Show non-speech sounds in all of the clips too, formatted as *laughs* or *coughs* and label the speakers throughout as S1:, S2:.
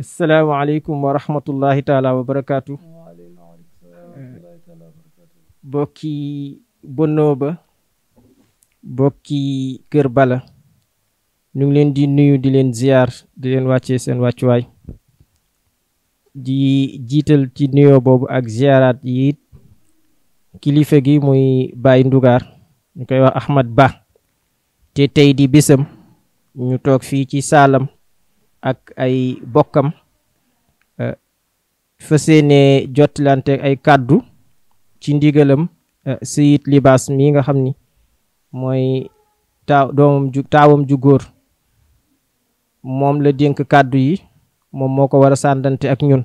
S1: salaamaaleykum wa rahmatullahi taala wa barakaatu bokki Bonnoba bokki Kër Bala ñu ngi leen di nuyu di leen ziyaar di leen wàccee seen wàccuwaay di jiital ci nuyoo boobu ak ziyaaraat yi kilifa gi muy Baye Ndugaar ñu koy wax Ahmad Ba te tey di bisam ñu toog fii ci saalam ak ay bokkam euh, fas yéene jotlante ay kàddu ci ndigalam euh, Seyid Libaas mi nga xam ni mooy taaw ju taawam ju góor moom la dénk kàddu yi moom moo ko war a sàndante ak ñun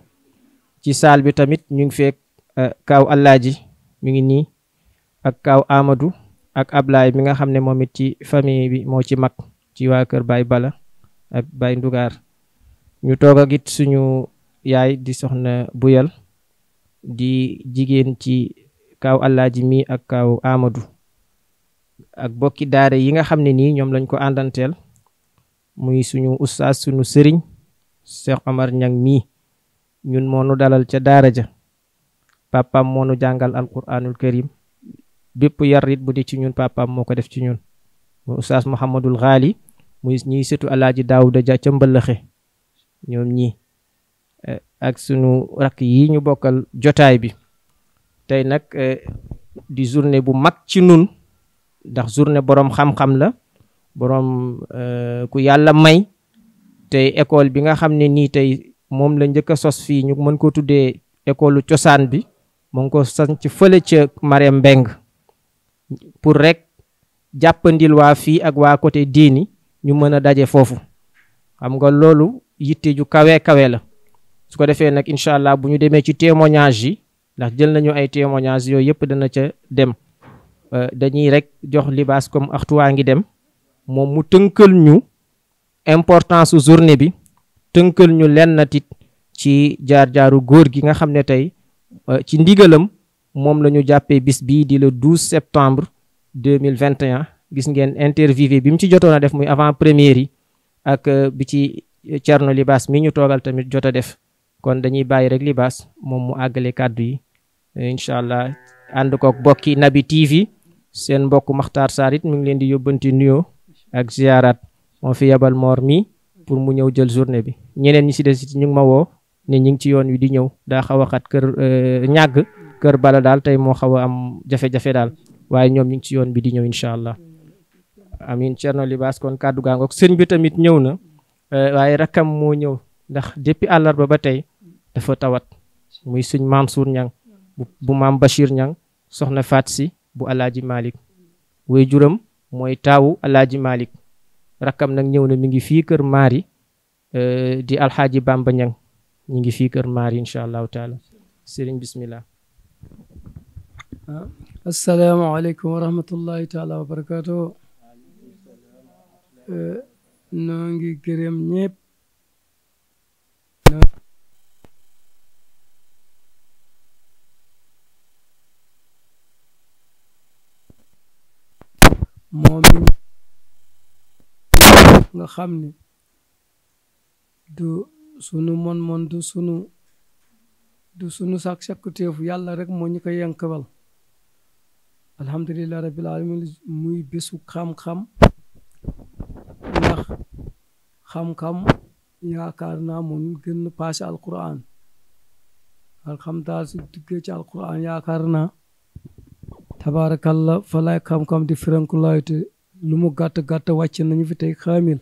S1: ci saal bi tamit ñu ngi fekk euh, kaaw mi ngi nii ak kaw Amadou ak Ablaay mi nga xam ne moom it ci famille bi moo ci mag ci waa Baay Bala ak Baye Ndugaar ñu toog ak it suñu yaay di soxna Buyal di jigéen ci kaaw Alaaji mi ak kaw Amadou ak bokki daare yi nga xam ne nii ñoom lañ ko àndanteel muy suñu ustaas suñu sëriñ Cheikh Omar Niang mii ñun nu dalal ca daara ja papam moonu jàngal alquranul karim bépp yarit bu di ci ñun papam moo ko def ci ñun muy ustaas Muhammadul Ghali muy ñiy sëtu alaaji daawuda ja ca mbëlëxe ñoom ñi eh, ak sunu rakk yi ñu bokkal jotaay bi tey nag eh, di journée bu mag ci nun ndax journée boroom xam-xam la boroom eh, ku yàlla may tey école bi nga xam ne nii tey moom la njëkk sos fii ñu mën ko tuddee école cosaan bi mu ngi ko sanc fële ca Marème Mbeng pour rek jàppandil waa fii ak waa côté diini ñu mën a daje foofu xam nga loolu yitte ju kawe kawe la su ko defee nag incha allah bu ñu demee ci témoignage yi ndax jël nañu ay témoignage yooyu yëpp dana ca dem euh, dañuy rek jox libaas comme axtu waa ngi dem moom mu tënkal ñu importance su journée bi tënkal ñu lenn tit ci jaar-jaaru góor gi nga xam ne tey euh, ci ndigalam moom la ñu jàppee bis bii di le 12 septembre 2021 gis ngeen interviewé bi mu ci jotoon a def muy avant première yi ak euh, bi ci euh, Thierno Libaas mi ñu toogal tamit jot a def kon dañuy bàyyi rek Libaas moom mu àggale kàddu yi euh, incha allah ànd kook bokki Nabi TV seen mbokk maxtar Sarr mu ngi leen di yóbbanti nuyoo ak ziarat moo fi yabal moor mi pour mu ñëw jël journée bi ñeneen ñi si des it ñu ngi ma woo ne ñu ngi ci yoon wi di ñëw daa xaw a xat kër ñàgg kër bala daal tey moo xaw a am jafe-jafe daal waaye ñoom ñu ngi ci yoon bi di ñëw incha allah amin Thierno Libaas kon kàddu gaangoog sëñ bi ñëw na eh, waaye rakkam moo ñëw ndax depuis àllarba ba tey dafa tawat muy sëñ Mansour Ñang bu maam Bachir ñaŋ soxna Faat Si bu alaaji Malick way juram mooy taawu alaaji Malick rakkam nag ñëw na mi ngi fii kër Maari eh, di alxaaji Bamba Ñang ñu ngi fii kër Maari incha allahu taala sëriñ bismillah
S2: ah, Euh, na ngi gërëm ñëpp moom nga xam ni du sunu mon-mon du sunu du sunu sak sakkuteefu yàlla rek moo ñu ko yënkabal alhamdulilah rabbil alamin muy bésu xam-xam xam-xam yaakaar naa moom gën na paase alquran alxam daal su duggee ci alquran yaakaar naa tabaarakalla fa lay di firankulayte lu mu gàtt gàtt wàcc nañu fi tey xaamil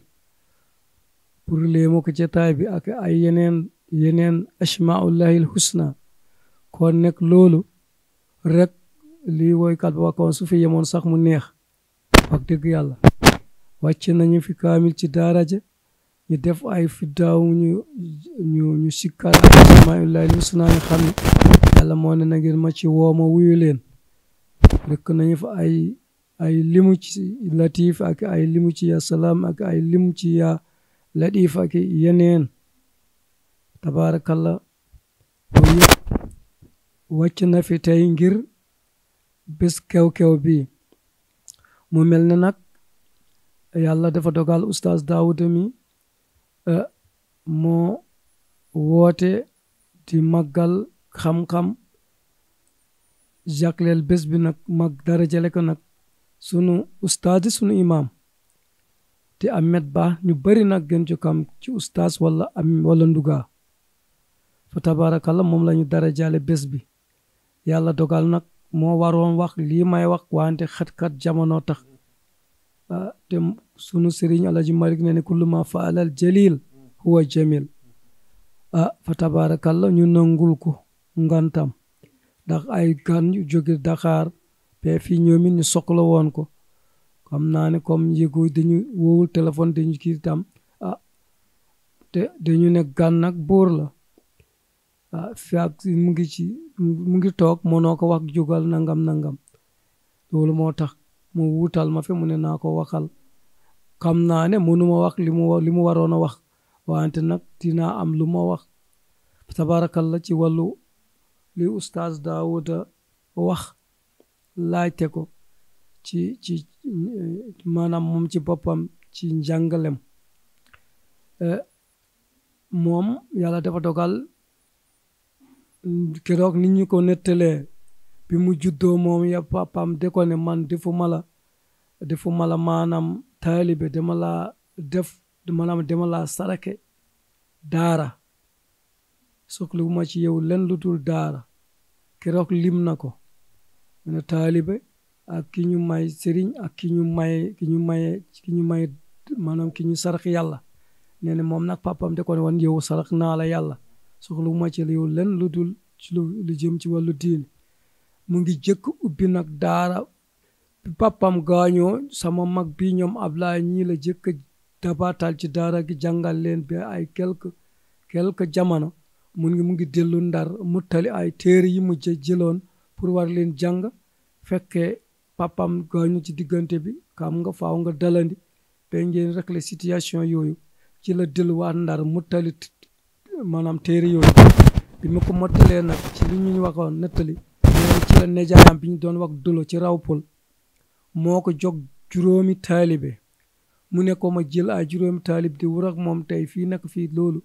S2: pour léemu ko taay bi ak ay yeneen yeneen asmaullahil husna kon nekk loolu rek li woykat ba waxoon su fi yemoon sax mu neex wax dëgg yàlla wàcc nañu fi kaamil ci daara ñu def ay fiddaaw ñu ñu ñu sikkar asmaa'ullaahi l-husnaa ñu xam ne yàlla na ngeen ma ci woo ma wuyu leen rekk nañu fa ay ay limu ci latif ak ay limu ci ya salaam ak ay limu ci ya latif ak yeneen tabaarakallah loolu yëpp wàcc na fi tey ngir bés kew-kew bi mu mel ne nag yàlla dafa dogal oustaz Daouda mi Euh, moo woote di màggal xam-xam jagleel bés bi nag mag dara jële ko nag sunu ustaas sunu imaam te Ahmed Ba ñu bari nag gën ci kam ci ustaas wala am wala nduga fa tabaarakalla moom lañu ñu dara jale bés bi yàlla dogal nag moo waroon wax lii may wax wante xat-xat jamono tax ah sunu sëriñ alaji malik ne ne ma faalal jalil huwa jamil ah fa tabarakallah ñu nangul ko ngantam ndax ay gan yu Dakar pe fii ñoom it ñu soxla woon ko xam naa ne comme yëgu dañu wowul téléphone dañu kii tam ah te ne gan nag buur la ah fi ak toog mënoo ko wax jógal nangam nangam loolu moo tax mu wuutal ma fi mu ne naa ko waxal xam naa ne mënuma wax li mu li mu waroon a wax wante nag dinaa am lu ma wax la ci wàllu li ustaaz Daawuda wax laajte ko ci ci maanaam mom ci boppam ci njàngalem e, moom yàlla dafa dogal keroog nit ñu ko nettalee bi mu juddoo moom ya papam de ko ne man defuma la defuma la maanaam taalibe dama laa def maanaam dama laa sarake daara soxlawuma ci yow len lu dul daara keroog lim na ko mu ak ki ñu may sëriñ ak ki ñu may ki ñu may ñu may ki ñu sarax yàlla nee moom nag papam de ko ne woon naa la yàlla soxlawuma ci yow len lu dul lu jëm ci wàllu diin mu ngi jëkk ubbi nag daara papam pàppam gaañoo sama mag bi ñoom Ablaay ñii la jëkk dabatal ci daara gi jàngal leen bi ay quelque quelque jamono mu ngi mu ngi dellu ndar muttali ay téere yi mu jëloon pour war leen jàng fekkee papam gaañu ci diggante bi kam nga faw nga dalandi ba ngeen rek situation yooyu ci la delluwaat ndar muttali maanaam téere yooyu bi ma ko nag ci li ñuy waxoon nettali ci la nijaayam bi ñu doon wag dolo ci rawpol moo ko jog juróomi taalibe mu ne ma jël ay juróomi taalib di wër ak moom tey fii nag fii loolu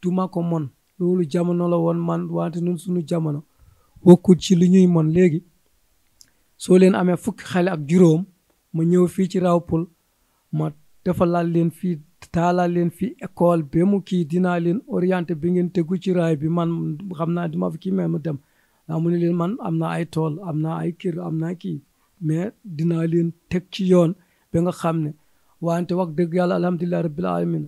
S2: duma ko mon loolu jamono la woon man wante nun suñu jamono bokkul ci li ñuy moon léegi soo leen amee fukki xale ak juróom ma ñëw fii ci raw rawpol ma defalal leen fii taalal leen fii ekool ba mu kii dinaa leen orienté bi ngeen tegu ci raay bi man xam naa duma fi kii ma dem mu ne leen man am naa ay tool am naa ay kiir am naa kii mais dinaa leen teg ci yoon ba nga xam ne wante wax dëgg yàlla alhamdulilah rabbil alamin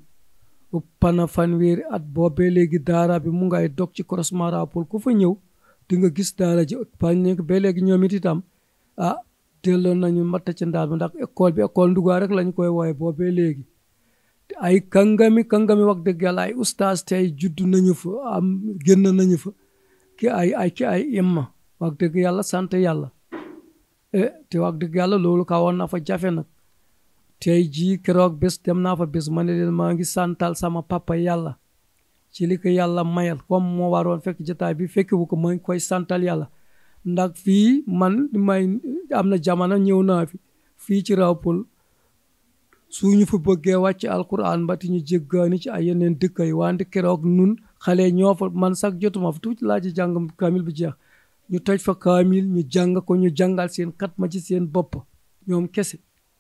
S2: uppana fanweeri at boobe léegi daara bi mu ngay dog ci Cross Mara Pël ku fa ñëw di nga gis daara ji pañ nekk ba léegi ñoom it itam ah teeloon nañu matt ci ndaal bi ndax école bi école ndugaa rek lañu koy wooye boobee léegi ay kangami kàngami wax dëgg yàlla ay ustaas tey judd nañu fa am génn nañu fa ki ay ay ki ay imma wax dëgg yàlla sant yàlla e, te wax dëgg yàlla loolu kawoon na fa jafe nag tey ji keroog bés dem naa fa bés ma ne leen maa ngi santal sama papa yàlla ci li ko yàlla mayal comme moo waroon fekk jotaay bi fekk bu ko ma ngi koy santal yàlla ndax fii man may am na jamono ñëw naa fi fii ci Raawpol suñu fa bëggee wàcc alquran ba ti ñu jéggaani ci ay yeneen dëkk yi wante keroog nun xale ñoo man sax jotuma fa tuuti laa ci jàng jeex ñu toj fa kaamil ñu jàng ko ñu jàngal seen kat ma ci seen bopp ñoom kese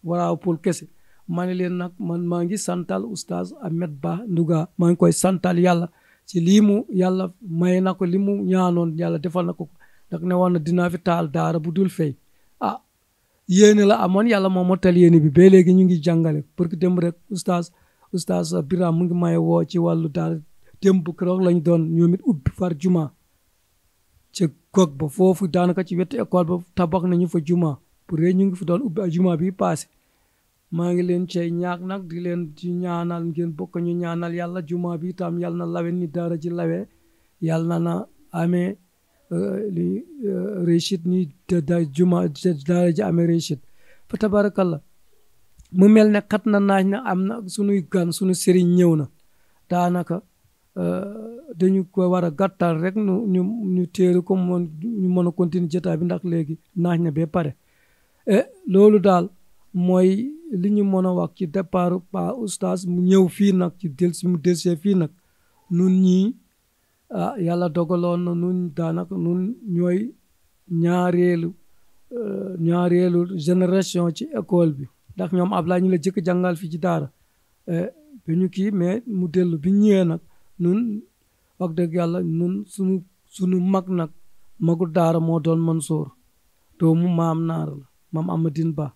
S2: waraaw pour kese ma ne leen nag man maa ngi santal oustaz met Ba Nduga maa ngi koy santal yàlla ci lii mu yàlla may na ko li mu ñaanoon yàlla defal na ko ndax ne woon na dinaa fi taal daara bu dul fay a ah, yéene la amoon yàlla moo motal yéene bi ba léegi ñu ngi jàngale pour que dem rek oustaz oustaz Biram mu ngi may woo ci wàllu daara démb keroog lañ doon ñoom it ubbi far juma ca goog ba foofu daanaka ci wetu école ba tabax nañu fa juma bu rëy ñu ngi fi doon ubbi ak juma bi paase maa ngi leen cay ñaax nag di leen ci ñaanal ngeen bokk ñu ñaanal yàlla juma bi tam yàlla na lawe ni daara ji lawe yàlla na amee euh, li euh, réussite ni da juma daara ji amee fa tabarakallah mu mel ne xat na naaj na am na sunuy gan sunu sëriñ ñëw na daanaka Euh, dañu ko war a gàttal rek nu ñu ñu téere ko moon ñu mën a continuer jotaay bi ndax léegi naaj na ba pare e loolu daal mooy li ñu mën a wax ci départ pa oustaz mu ñëw fii nag ci del si mu delsee fii nag nun ñii ah yàlla dogaloon na nun daanaka nun ñooy ñaareelu euh, ñaareelu génération ci école bi ndax ñoom Ablaye ñu la jëkk jàngal fii ci daara ba ñu kii mais mu dellu bi ñëwee nag nun wax dëgg yàlla nun suñu suñu mag nag magu daara moo doon Mansour doomu maam naar la maam Amadine Ba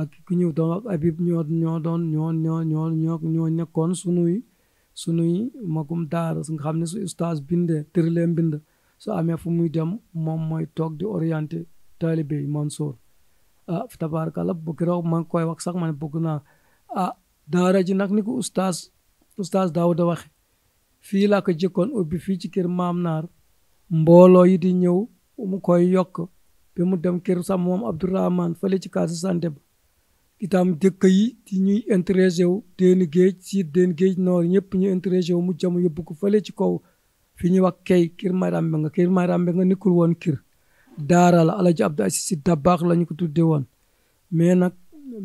S2: ak ku ñëw doon ak Habib ñoo ñoo doon ñoo ñoo ñoo ñoo ñoo nekkoon sunuy sunuy magum daara su nga xam ne su ustaas binde tërilee mbind su amee fu muy dem moom mooy toog di orienté taalibe yi Mansour ah tabaarakalla bu keroog maa ngi koy wax sax ma ne bëgg naa ah daara ji nag ni ko ustaas ustaas Daawuda waxe fii laa ko jëkkoon ubbi fii ci kër maam naar mbooloo yi di ñëw mu koy yokk bi mu dem kër sa moom Abdourahman fële ci kaasu sante ba itam dëkk yi ñuy intéressé wu déen géej si déen géej noor ñëpp ñu intéressé wu mu jëm yóbbu ko fële ci kaw fi ñuy wax kay kër Mayrame nga kër Mayrame nga nekkul woon kër daara la alaji Abdou Aziz Si Dabaax la ñu ko tudde woon mais nag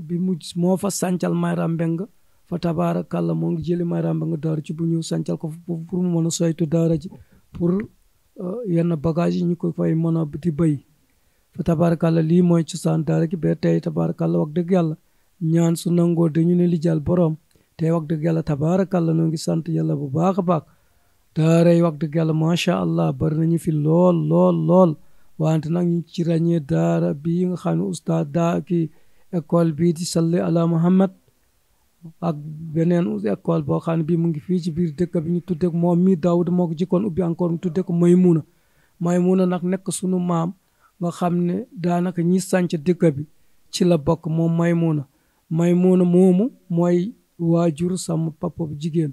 S2: bi mu moo fa sàncal Mayrame fa tabaarakàlla moo ngi jëli Mayra Mbengue daara ci bu ñu sancal ko pour mu mën a saytu daara ji pour euh, yenn bagage yi ñu ko fay mën a di béy fa tabaarakàlla lii mooy cosaan daara gi ba tey tabaarakàlla wax dëgg yàlla ñaan su nangoo dañu ne li jàll boroom tey wax dëgg yàlla tabaarakàlla noo ngi sant yàlla bu baax a baax daara yi wax dëgg yàlla macha allah bari nañu fi lool lool lool wante nag ñu ci ràññee daara bii nga xam ak beneen école boo xam bii mu ngi fii ci biir dëkk bi ñu tudde ko moom mii Daawuda moo ko jikkoon ubbi encore mu tudde ko Maymuna Maymuna nag nekk sunu maam nga xam ne daanaka ñi sanc dëkk bi ci la bokk moom Maymuna Maymuna moomu mooy waajur sama papa bu jigéen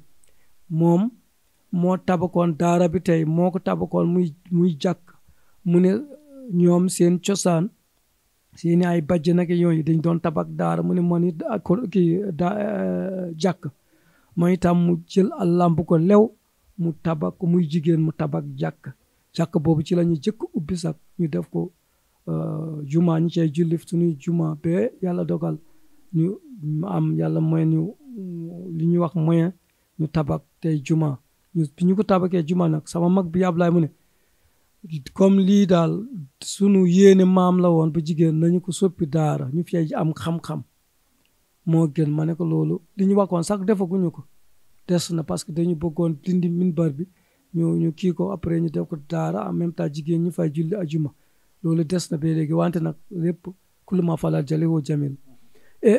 S2: moom moo tabakoon daara bi tey moo ko tabakoon muy muy jàkk mu ne ñoom seen cosaan seeni ay bàjj nag yooyu dañ doon tabax daara mu ne man it kii da eh, jàkk man itam mu jël àllamb ko lew mu tabak ko muy jigéen mu tabak jàkk jàkk boobu ci la ñu jëkk ubbi sax ñu def ko eh, juma ñu cay julli suñuy jumaa ba yàlla dogal ñu am yàlla moyen ñu li ñuy wax moyen ñu tabax tey juma ñu bi ñu ko tabaxee jumaa nag sama mag bi Ablaay mu ne comme lii daal sunu yéene maam la woon bu jigéen nañu ko soppi daara ñu ji am xam-xam moo gën ma ne ko loolu li ñu waxoon sax defaguñu ko des na parce que dañu bëggoon dindi minbar bi ñu ñu kii ko après ñu def ko daara en même temps jigéen ñi fay julli juma loolu des na ba léegi wante nag lépp kuluma falal jale woo jamil e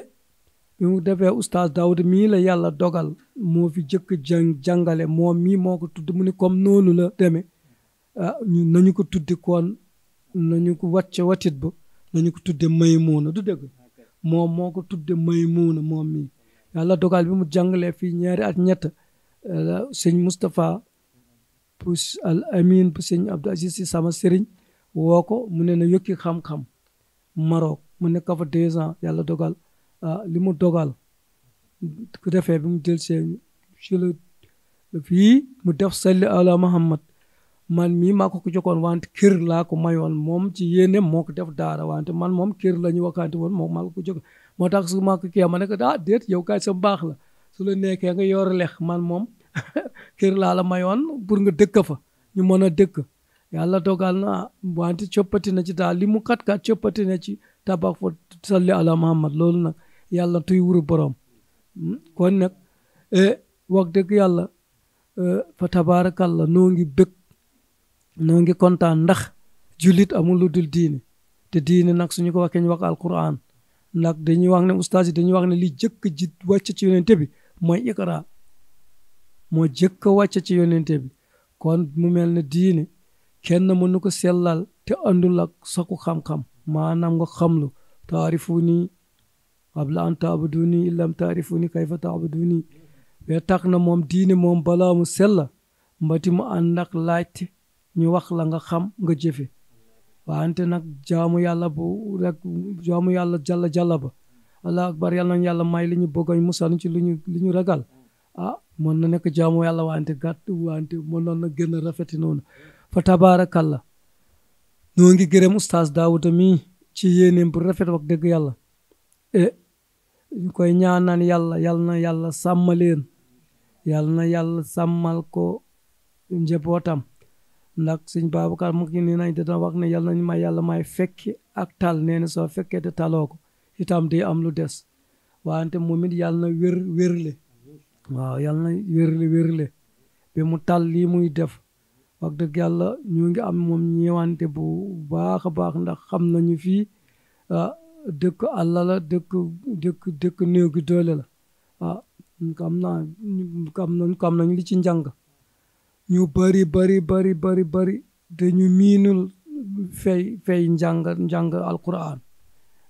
S2: bi mu defee oustaz Daouda mii la yàlla dogal moo fi jëkk jàng jàngale moom mii moo ko tudd mu ni comme noonu la demee ah ñu nañu ko tudde koon nañu ko wàcce watit ba nañu ko tudde Maymuuna du dëgg moom moo ko tudde Maymuuna moom mii yàlla dogal bi mu jàngalee fii ñaari at ñett eh, sëñ Moustapha bu al amin bu sëñ Abdou Aziz si sama sëriñ woo ko mu ne na yokki xam-xam Maroc mu nekk fa deux ans yàlla dogal ah, li mu dogal ku defee bi mu jël seen fii mu def salli ala Muhammad man mii maa ko ko jokoon wante kër laa ko mayoon moom ci yéene moo ko def daara wante man moom kër la ñu wakante woon moo maa ko ko jokoon moo tax su ma ko kii ma ne ko ah déet yow kaay sa baax la su la nekkee nga yor lex man moom *laughs* kër laa la mayoon pour nga dëkk fa ñu mën a dëkk yàlla dogal na wante coppati na ci daal li mu kat kat coppati na ci tabax fa salli ala muhammad loolu na yàlla tuy wuru borom hmm? kon nag eh, wax dëgg yàlla eh, fa tabaarakalla noo ngi bëgg noo ngi kontaan ndax jullit amul lu dul diine te diine nag suñu ko waxee ñu wax alquran nag dañuy wax ne ustaas yi dañuy wax ne li jëkk ji wàcc ci yonente bi mooy iqra moo jëkk a wàcc ci yonente bi kon mu mel ne diine kenn mënu ko sellal te àndul ak sakku xam-xam maanaam nga xamlu taarifu nii qabla an taabudu nii illam kayfa taabudu nii ba na moom diine moom balaa mu sella mbati mu ànd ak laajte ñu wax la nga xam nga jëfe waante nag jaamu yàlla bu rek jaamu yàlla jalla jàlla ba allah akbar yàlla may li ñu bëgg ñu musal ci li ñu ragal ah mën na nekk jaamu yàlla waante gàtt waante mënoon na gën a rafeti noonu fa tabaarakallah noo ngi gërëm oustaz Daouda mi ci yéeneem bu rafet wax dëgg yàlla e ñu koy ñaanaan yàlla yàlla na yàlla sàmmaleen yàlla na yàlla sàmmal ko njabootam ndax sëñ Babacar mu ngi nii nañ dina wax ne yàlla nañ ma yàlla may fekki ak tal nee na soo fekkee te taloo ko itam day am lu des waante moom it yàlla na wér wérle waaw yàlla na wérle wérle ba mu tal lii muy def wax dëgg yàlla ñu ngi am moom ñëwante bu baax a baax ndax xam nañu fii dëkk àll la dëkk dëkk dëkk gi doole la ah xam naa xam nañ xam ci njàng ñu bari bari bari bari bari dañu miinul fay fay njàng njàng alquran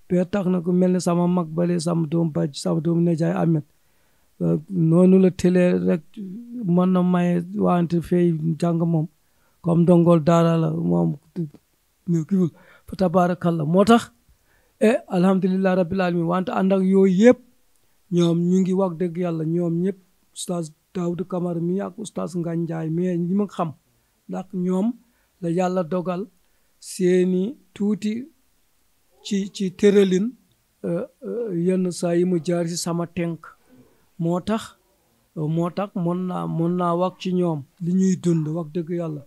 S2: ba tax na ku mel ni sama mag bale sama doom baj sama doom nejaay amet euh, noonu la tëlee rek mën na maye wante fay njàng moom comme dongol daara la moom kii fa tabarakallah moo tax e eh, alhamdulilah rabbil alamin wante ànd ak yooyu yëpp ñoom ñu ngi wax dëgg yàlla ñoom ñëpp Daouda Camara mi ak oustaz Ngagne Ndiaye mais ñi ma xam ndax ñoom la yàlla dogal seeni tuuti ci ci tëralin euh, euh, yenn saa yi mu jaar ci sama tenk moo tax moo tax mën naa mën naa wax ci ñoom li ñuy dund wax dëgg yàlla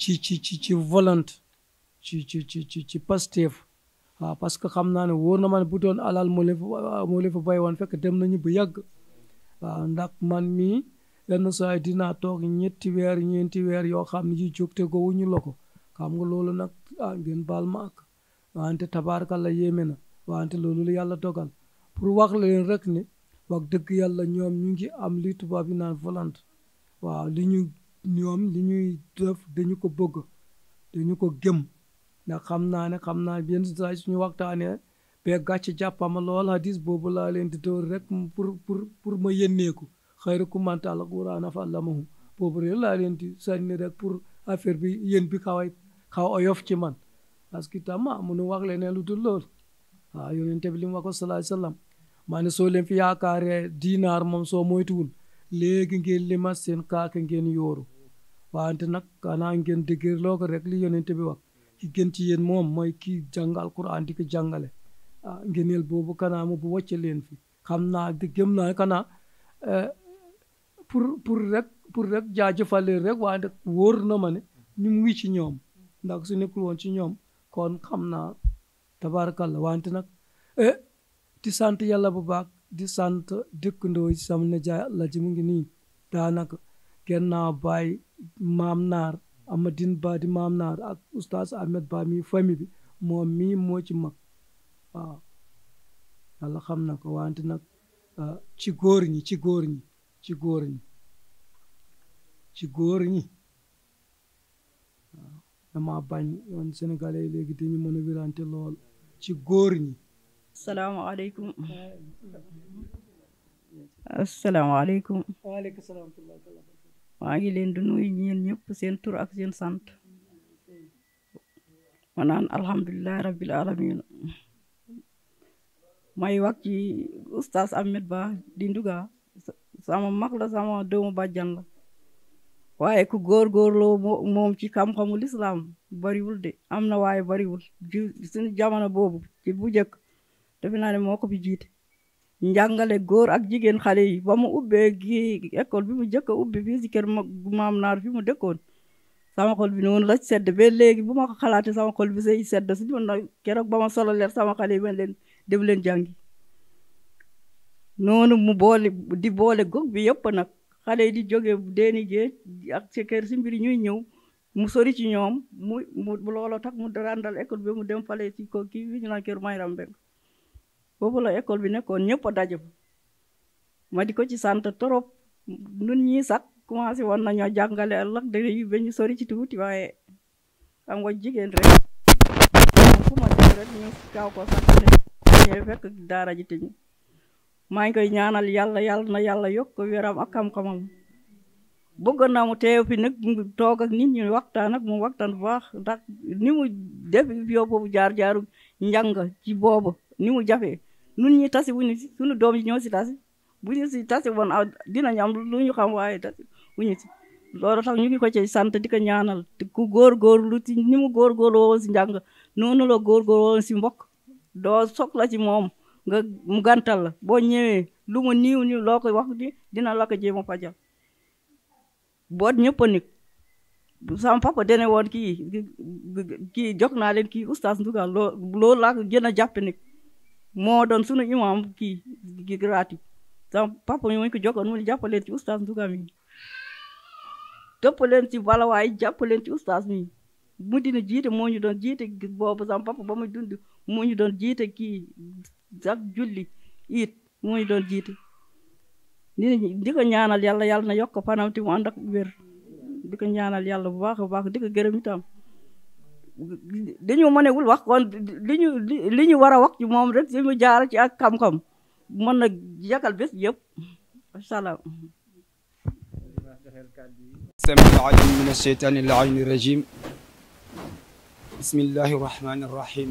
S2: ci ci ci ci volonté ci ci ci ci ci Pastef waaw parce que xam naa ne wóor na ma ne bu doon alal moo leen fa woon fekk dem nañu bu yàgg waaw man mii yenn saa yi dinaa toog ñetti weer ñeenti weer yoo xam ne yi jóg te gowuñu la ko xam nga loolu nag ah ngeen baal ma ak wante tabaarkalla yéeme na wante loolu la yàlla dogal pour wax leen rek ne wax dëgg yàlla ñoom ñu ngi am li tubaab yi naan volante waaw li ñu ñoom li ñuy def dañu ko bëgg dañu ko gëm ndax xam naa ne xam naa yenn saa yi suñu waxtaanee ba gàcce jàppama lool hadis boobu laa leen di dóor rek pour pour pour ma yénneeku xayrukum man ta'allama al-Qur'ana fa 'allamahu boobu rek laa leen di sànni rek pour affaire bi yéen bi xaw a xaw a oyof ci man parce que tam ma ah, mënu lu dul loolu waaw ah, yonente bi li mu wax ko salaay salaam maa ne soo leen fi yaakaaree moom soo moytuwul léegi ngeen lima seen kaake ngeen yooru waante nag kanaa ngeen dëggër loo ko rek li yonente bi wax ki gën ci yéen moom mooy ki jàngal Alquraan di ko jàngale ah ngeeneel boobu kanaa mu bu wàcce leen fi xam naa gëm naa kanaa eh, pour pour rek pour rek jaajëfal leen rek waaye nag wóor na ma ne ñu ngi ci ñoom ndax su nekkul woon ci ñoom kon xam naa tabaarakalla wante nag eh di sant yàlla bu baax di sant dëkkandoo yi sam na jaay la ji mu ngi nii daanaka kenn naa baay maam naar amadin ba di maam naar ak oustaz ahmed ba mi famille bi moom mii moo ci mag waaw yàlla xam na ko wante nag eh, ci góor ñi ci góor ñi ci góor ñi ci góor ñi waaw dama bañ yoon sénégalais yi léegi dañu mën a
S3: wirante lool ci góor ñi salaamaaleykum asalaamaaleykum waaleykum salaam maa ngi leen di nuyu ñeen ñëpp seen tur ak seen sant ma naan alhamdulilahi rabbil alamin may wax ci oustaz Ba di Nduga sama mag la sama doomu bàjjan la waaye ku góorgóorloo moom ci xam-xamu lislaam bariwul de am na waaye bariwul suñu jamono boobu ci bu njëkk defe naa ne moo ko fi jiit njàngale góor ak jigéen xale yi ba mu ubbee gi école bi mu njëkk a ubbi fii si kër maam naar fi mu dëkkoon sama xol bi noonu la sedd ba léegi bu ma ko xalaatee sama xol bi say sedd si doon na keroog ba ma solo leer sama xale yi ba leen dem leen noonu mu boole di boole gox bi yëpp nag xale yi di jóge deeni géej ak ci kër si mbir ñuy ñëw mu sori ci ñoom mu mu looloo tax mu ràndal école bi mu dem fale ci ko kii wi ñu naan kër Mayram Mbeng boobu la école bi nekkoon ñëpp a daje ma di ko ci sant trop nun ñii sax commencé woon nañoo jàngale àllak dañuy ba ñu sori ci tuuti waaye xam nga jigéen rek fu ma ji tëj maa ngi koy ñaanal yàlla yàlla na yàlla yokk wéram ak xam-xamam bëgg naa mu teew fi nag toog ak nit ñi waxtaan ak mu waxtaan bu baax ndax ni mu def yow boobu jaar-jaaru njàng ci boobu ni mu jafee nun ñi tasi wuñu si suñu doom yi ñoo si tasi bu ñu si tasi woon ah, dinañ am lu ñu xam waaye tasi wuñu si loolu tax ñu ngi ko ce sant di ko ñaanal ku góorgóorlu ci ni mu góorgóorlu woon si njàng noonu la góorgóorlu woon si mbokk doo soxla ci moom nga mu gàntal la boo ñëwee lu mu niiw niiw loo ko wax di dina la ko jéem a fajal boot ñëpp a nekk sama papa dene woon kii kii jox naa leen kii oustaz Nduga loo loolu laa ko gën a jàppe nekk moo doon sunu imam kii gi gratuit sama papa mi ma ko jokkoon mu ne jàpp leen ci oustaz Nduga mi topp leen ci balawaay jàpp leen ci oustaz mi mu dina jiite moo ñu doon jiite boobu sama papa ba muy dund moo ñu doon jiite kii ak julli it muy doon jiite di ko ñaanal yàlla yàlla na yokk fanam ti mu ànd ak wér di ko ñaanal yàlla bu baax a baax di ko gërëm itam wax kon li ñu li ñu war a wax ci moom rek suñu jaara ci ak xam-xam mën na yàkkal bés yëpp macha allah
S4: السمع العليم من الشيطان اللعين الرجيم بسم الله الرحمن الرحيم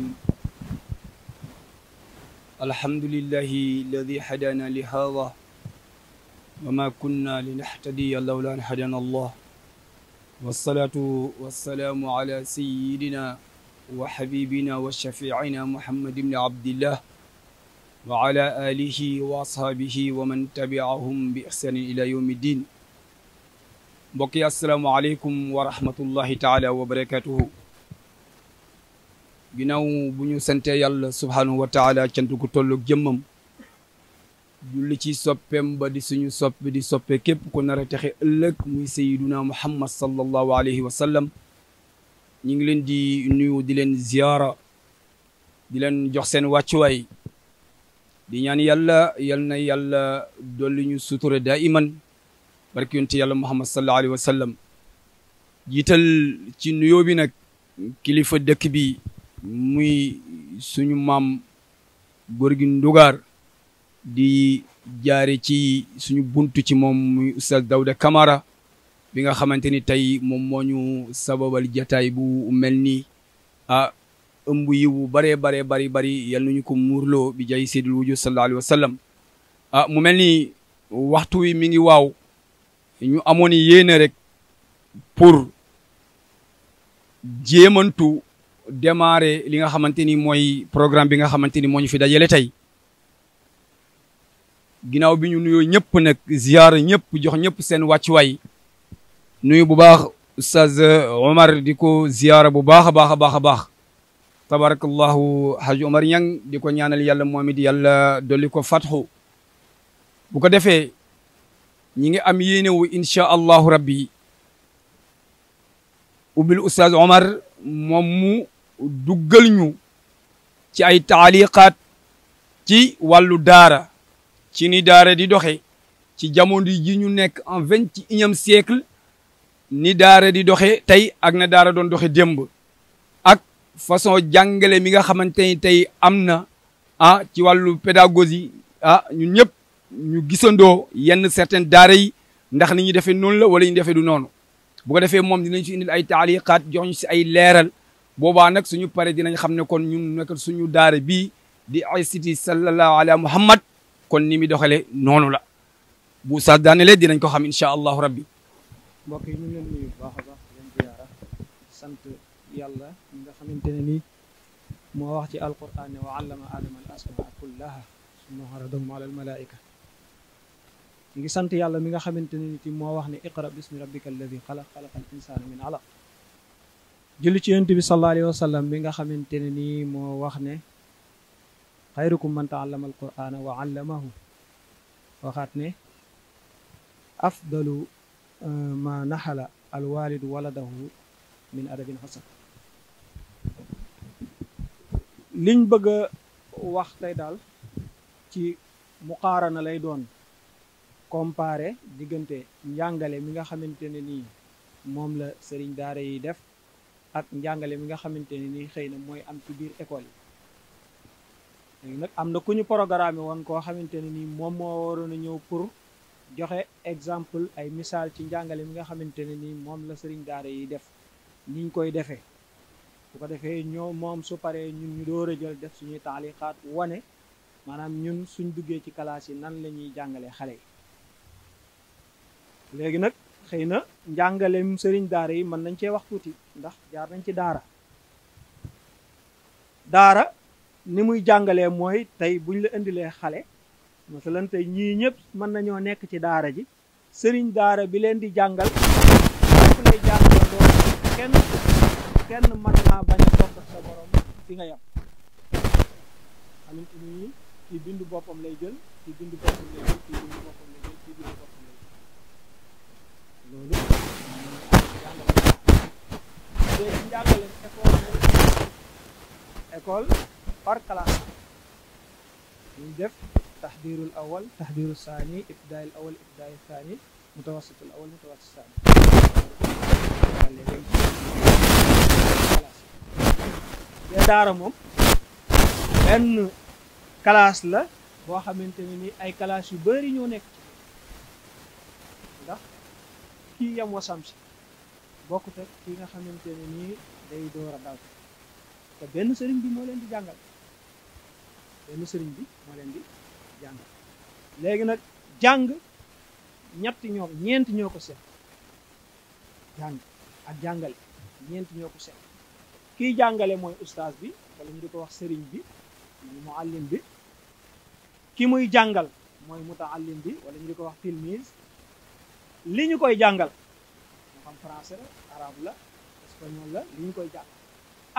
S4: alhamdulillahi alladi hadana li hada wa ma kunna linahtadiya lawla an hadana allah wasalaatu wasalaamu ala sayidina wa habibina wa shafiina muhammad ibni abdillah wa ala alihi wa ashaabihi wa man tabiahum bi ihsanin ila yawmi din mbokk yi assalaamu aleykum wa rahmatullahi taala wa barakatuhu ginnaaw bu ñu santee yàlla subhaanahu wa taala cant ku tollu julli ci soppeem ba di suñu soppe di soppe képp ku nar a texe ëllëg muy sayiduna muhammad sallallahu alayhi wa sallam ñu ngi leen di nuyu di leen ziyaara di leen jox seen wàccuwaay di ñaan yàlla yal na yàlla dolli ñu sutura daiman barke yonte yàlla muhammad sallallahu alayhi wa sallam jiital ci nuyoo bi nag kilifa dëkk bi muy suñu maam góor gi di jaare ci suñu buntu ci moom muy oustaz Dawda Camara bi nga xamante ni tey moom moo ñu sababal jataay bu mel ni a ëmb yiwu baree baree bari bari yal nañu ko muurloo bi jay seydul wujud sallallahu alayhi wa sallam mu mel ni waxtu wi mi ngi waaw ñu amoon yéene rek pour jéemantu démarrer li nga xamante ni mooy programme bi nga xamante ni moo ñu fi dajale tey ginnaaw bi ñu nuyoo ñëpp nak ziar ñëpp jox ñëpp seen way nuyu bu baax Oustaz Omar di ko ziar bu baax a baax a baax a baax tabarakallahu Haji Omar di ko ñaanal yàlla moom it yàlla dolli ko fatxu bu ko defee ñi ngi am yéenewu incha allahu rabbi ubbil Oustaz Omar moom duggal ñu ci ay taaliqaat ci wàllu daara ci ni daara di doxe ci jamono ji ñu nekk en vingt et unième siècle ni daara di doxe tey ak na daara doon doxe démb ak façon jàngale mi nga xamante ni tey am na ah ci wàllu pédagogie ah ñun ñëpp ñu gisandoo yenn certaines daara yi ndax ni ñu defee noonu la wala ñu defee du noonu bu ko defee moom dinañ ci indil ay taaliqaat jox ñu si ay leeral boobaa nag suñu pare dinañ xam ne kon ñun nekk suñu daare bii di ICT sallallahu ala muhammad kon ni mi doxale noonu la bu sa daanele dinañ ko xam incha allahu rabbi
S2: mbokk yi ñu ngi leen
S5: baax a baax leen ziyaara sant yàlla mi nga xamante ne nii moo wax ci alquran ne wa allama adama al asmaa kullaha summa aradahum ala al malaika ngi sant yàlla mi nga xamante ne nii moo wax ne iqra bismi rabbika alladi xalaq xalaqa al insana min alaq julli ci yonent bi sallallahu alayhi wa bi nga xamante ne nii moo wax ne xayrukum man taallama alqur'ana wa allamahu waxaat ne afdalu uh, ma naxala alwalidu waladahu min adabin xasan liñ bëgg a wax tey daal ci muqaarana lay doon comparé diggante njàngale mi nga xamante ne nii moom la sëriñ daara yi def ak njàngale mi nga xamante ne ni xëy na mooy am ci biir école yi léegi nag am na ku ñu programme wan koo xamante ne ni moom moo waroon a ñëw pour joxe exemple ay misaal ci njàngale mi nga xamante ne ni moom la sëriñ daara yi def niñ koy defee su ko defee ñoo moom su paree ñun ñu door a jël def suñuy taalixaat wane maanaam ñun suñ duggee ci kalaas yi nan la ñuy jàngale xale yi léegi nag xëy na njàngalem sëriñ daara yi mën nañ cee wax tuuti ndax jaar nañ ci daara daara ni muy jàngalee mooy tey buñ la indilee xale masalan tey ñii ñëpp mën nañoo nekk ci daara ji sëriñ daara bi leen di jàngal ñëpp lay jàngal kenn kenn mën bañ a bokk sa borom fi nga yem xamante boppam lay jël loolu jàngale njàngale école école par classe ñu def taxdirul awal taxdiru
S6: saani ibdaayil awal ibdaayi saani mutawasitul awal mutawasit saani
S5: te daara moom benn classe la boo xamante ne ni ay classe yu bari ñoo nekk ci ndax kii yam wasam si bokkut ak ki nga xamante ne nii day door a dal te benn sëriñ bi moo leen di jàngal benn sëriñ bi moo leen di jàngal léegi nag jàng ñetti ñoo ñeenti ñoo ko seq jàng ak jàngale ñeenti ñoo ko seq kiy jàngale mooy ustaas bi wala ñu di ko wax sëriñ bi mooy muallim bi ki muy jàngal mooy mutaallim bi wala ñu di ko wax tilmise li ñu koy jàngal xam français la arabe la espagnol la li ñu koy jàng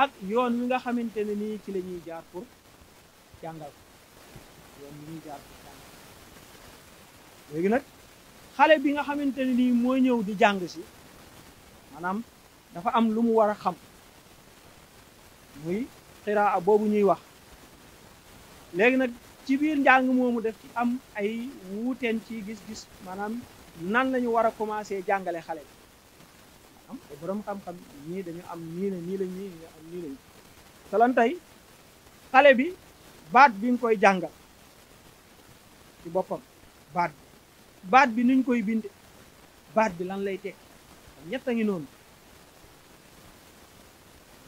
S5: ak yoon wi nga xamante ne nii ci lañuy jaar pour jàngal ko yoon léegi nag xale bi nga xamante ne nii moo ñëw di jàng si maanaam dafa am lu mu war a xam muy xiraa boobu ñuy wax léegi nag ci biir njàng moomu def ci am ay wuuteen ci gis-gis maanaam nan lañu war a commencé jàngale xale te borom xam-xam ñii dañu am nii la nii la ñii dañu salantay xale bi baat bi nga koy jàngal ci boppam baat bi baat bi nuñ koy binde baat bi lan lay tekki ñett a ngi noonu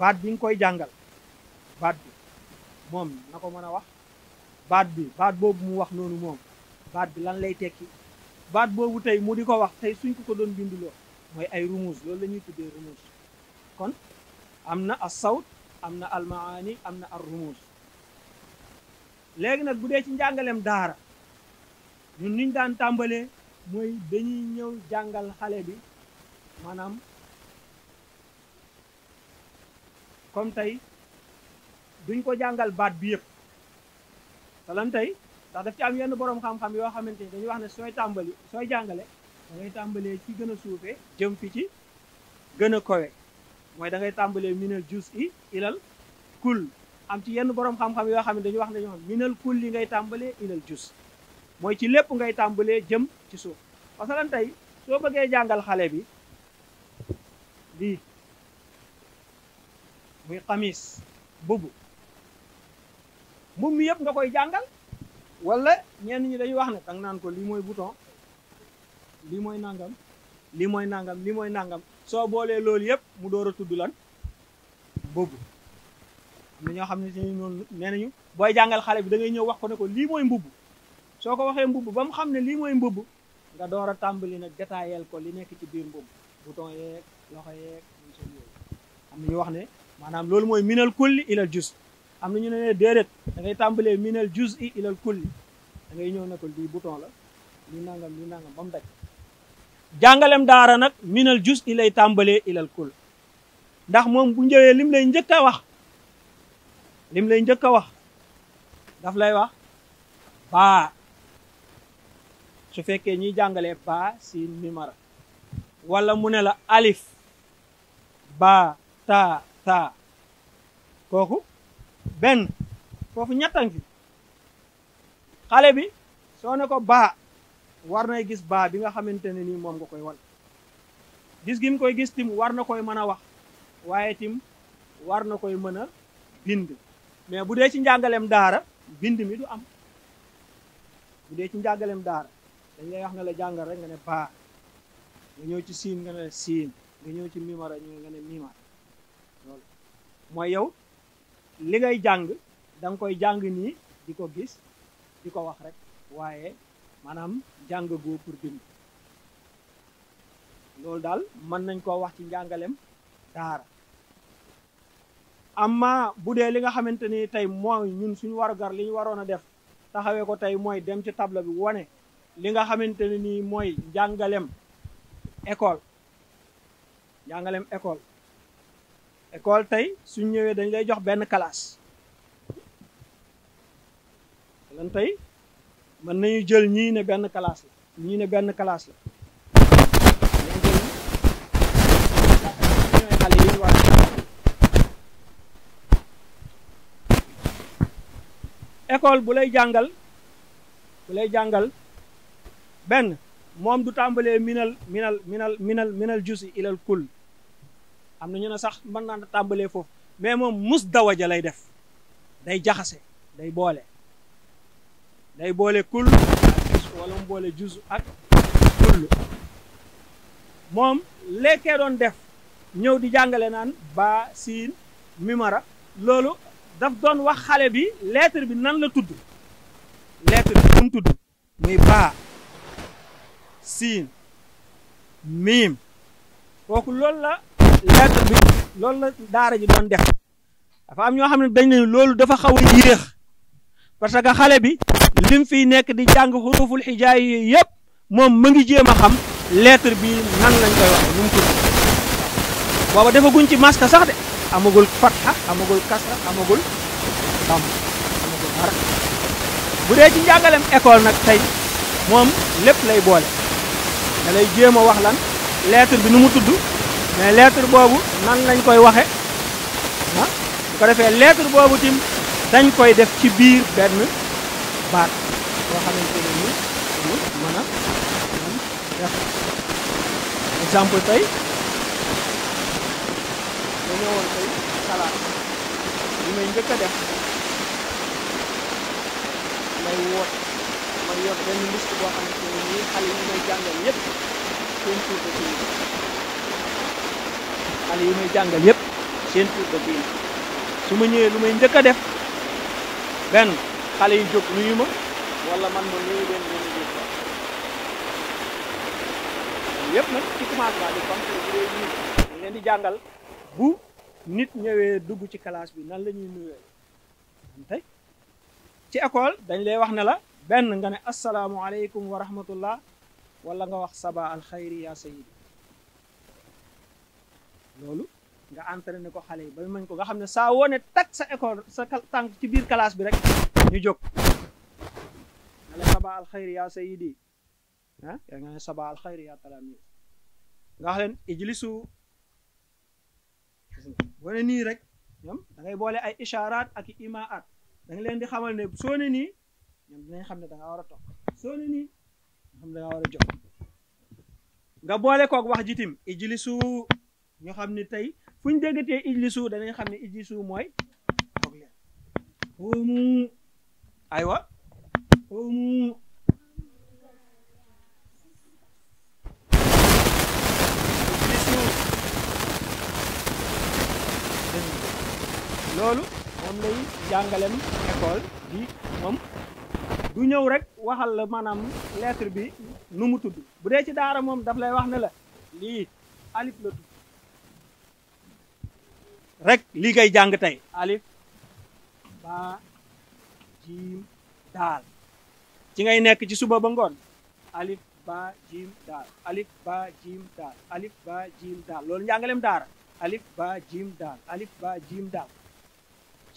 S5: baat bi nga koy jàngal baat bi moom na ko mën a wax baat bi baat boobu mu wax noonu moom baat bi lan lay tekki baat boobu tey mu di ko wax tey suñ ko ko doon binduloo mooy ay rumus loolu la ñuy tuddee rumus kon am na as sawt am na almaani am na ar rumus léegi nag bu dee ci njàngaleem daara ñun niñ daan tàmbalee mooy dañuy ñëw jàngal xale bi maanaam comme tey duñ ko jàngal baat bi yëpp salam tey ndax daf ci am yenn boroom xam-xam yoo xamante ni dañuy wax ne sooy tàmbali sooy jàngale da ngay tàmbalee ci gën a suufee jëm fi ci gën a kowe mooy da ngay tàmbalee minal juus i ilal kul am ci yenn borom xam-xam yoo xam ne dañu wax ne ñoo kul li ngay tàmbalee ilal jus mooy ci lépp ngay tàmbalee jëm ci suuf parce que tey soo bëggee jàngal xale bi lii muy xamis bubu mbubb mi yëpp nga koy jàngal wala ñenn ñi dañu wax ne danga naan ko lii mooy bouton lii mooy nangam lii mooy nangam lii mooy nangam soo boolee loolu yëpp mu door a tudd lan mbubb am na ñoo xam ne seen noonu nee nañu booy jàngal xale bi da ngay ñëw wax ko ne ko lii mooy mbubb soo ko waxee mbubb ba mu xam ne lii mooy mbubb nga door a tàmbali nag détailleel ko li nekk ci biir mbubb bouton yeeg loxo yeeg wax ne maanaam loolu mooy minal kulli ilal juz am na ñu ne déedéet da ngay tàmbalee minal juz i ilal kulli dangay ñëw ne ko lii bouton la lii nangam lii nangam ba mu daj jàngalem daara nag minal jus i lay tàmbalee ilal kul ndax moom bu ñëwee lim lay njëkk a wax lim lay njëkk a wax daf lay wax baa su fekkee ñuy jàngale baa si mimara wala mu ne la alif baa taa taa kooku benn foofu ñettan xale bi soo ne ko baa war nay gis baa bi nga xamante ne nii moom nga koy wan gis gi mu koy gis tim war na koy mën a wax waaye tim war na koy mën a bind mais bu dee ci njàngaleem daara bind mi du am bu dee ci njàngaleem daara dañ ngay wax ne la jàngal rek nga ne baa nga ñëw ci siin nga ne siin nga ñëw ci mimara ñu nga ne mimara loolu mooy yow li ngay jàng danga koy jàng nii di ko gis di ko wax rek waaye maanaam jàng goo pour bind loolu daal mën nañ koo wax ci njàngaleem daara amma bu dee li nga xamante ni tey mooy ñun suñu warugar li ñu waroon a def taxawee ko tey mooy dem ci tableau bi wane li nga xamante ne nii mooy njàngalem école njàngalem école école tey suñ ñëwee dañ lay jox benn classe lan tey mën nañu jël ñii ne benn classe la ñii ne benn classe la école bu lay jàngal bu lay jàngal benn moom du tàmbalee minal minal minal minal minal jusi ilal kul am na ñu ne sax mën naa tàmbalee foofu mais moom mus dawaja lay def day jaxase day boole day boole kull wala mu boole ak kull moom lekkee doon def ñëw di jàngale naan baa siin mimara loolu daf doon wax xale bi lettre bi nan la tudd lettre bi mu tudd muy baa siin miim kooku loolu la lettre bi loolu la daara ji doon def dafa am ñoo xam ne dañ ne loolu dafa xaw yéex parce que xale bi lim fiy nekk di jàng xuruful xijaay yooyu yëpp moom mu ngi jéem a xam lettre bi nan lañ koy wax nu mu tudd booba defaguñ ci maska sax de amagul fatha amagul kasra amagul dam bu dee ci njàngalem école nag tey moom lépp lay boole dalay lay jéem a wax lan lettre bi nu mu tudd mais lettre boobu nan lañ koy waxe ah bu ko defee lettre boobu tim dañ koy def ci biir benn baat boo xamante ne nii ñu mën a exemple tey dañoo woon tey salaat li may njëkk def may woot may yor benn liste boo xamante ne nii xale yi may jàngal yépp seen tur de xale yi may jàngal yépp seen tur de diine su ma ñëwee lu may njëkk a def benn xale yi jóg nuyu ma wala man ma nuyu leen leen nuyu ma nag ci commencement bi comme que bu dee leen di jàngal bu nit ñëwee dugg ci kalaas bi nan la ñuy nuyee tey ci école dañ lay wax ne la benn nga ne asalaamualeykum wa rahmatullah wala nga wax saba alxayri ya sayidi loolu nga entraîné ko xale yi ba mañ ko nga xam ne saa woone tag sa école sa tànk ci biir kalaas bi rek ñu jóg nga ne saba alxayri yaa sayidi ah nga ne saba alxayri yaa talaami nga wax leen ijlisu wane nii rek ñoom dangay boole ay isharaat ak imaat da leen di xamal ne sone nii ñoom dinañ xam ne danga nga war a toog soo nii nga xam ne da nga war boole koog wax ijlisu ñu xam ne tey fu ñu déggatee ijlisu danañ xam ne ijlisu mooy toog leen quumu aywa loolu moom lay jàngalem école bi moom du ñëw rek waxal la maanaam lettre bi nu mu tudd bu dee ci daara moom daf lay wax ne la lii alif la tudd rek lii ngay jàng tey alif ba jiim daal ci ngay nekk ci suba ba ngoon alif ba jiim daal alif ba jiim daal alif ba jiim loolu njàngaleem daara alif ba jiim daal alif ba jiim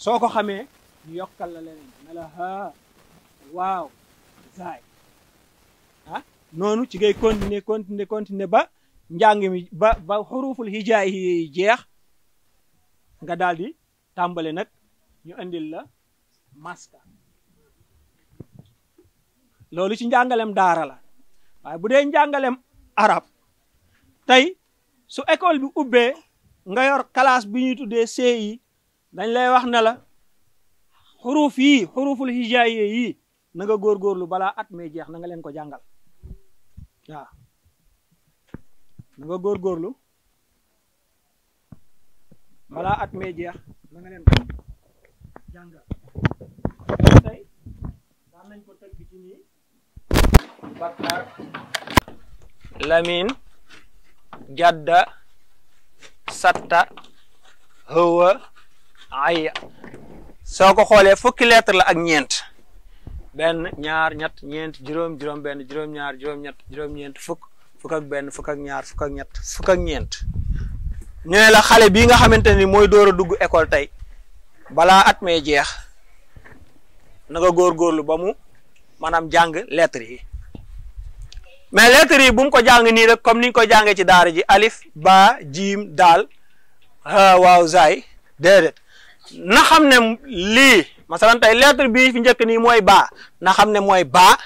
S5: soo ko xamee ñu yokkal la leneen ne haa waaw zaay ah noonu ci ngay continuer continuer continuer ba njàng mi ba ba xuruful hijaay jeex nga daal di tàmbale nag ñu indil la maska loolu ci njàngalem daara la waaye bu dee njàngalem arab tey su école bi ubbee nga yor kalaas bi ñuy tuddee yi dañ lay wax na la xuruf yii xuruful hijaiye yii na góor góorgóorlu balaa at may jeex na nga leen ko jàngal waaw na nga góorgóorlu at may jeex na nga nañ ko Bakar Lamine Jadda Satta Hawa Aya soo ko xoolee fukki lettre la ak ñeent benn ñaar ñett ñeent juróom juróom benn juróom ñaar juróom ñeent fukk fukk benn fukk ñaar fukk ñeent ñu ne la xale bi nga xamante ni mooy door a dugg école tey balaa at mee jeex na nga góorgóorlu ba mu maanaam jàng lettres yi mais lettres yi bu mu ko jàng ni rek comme ni koy ko jàngee ci daara ji alif ba jiim daal ha waaw zaay déedéet na xam ne lii masalan tey lettre bii fi njëkk nii mooy baa na xam ne mooy ba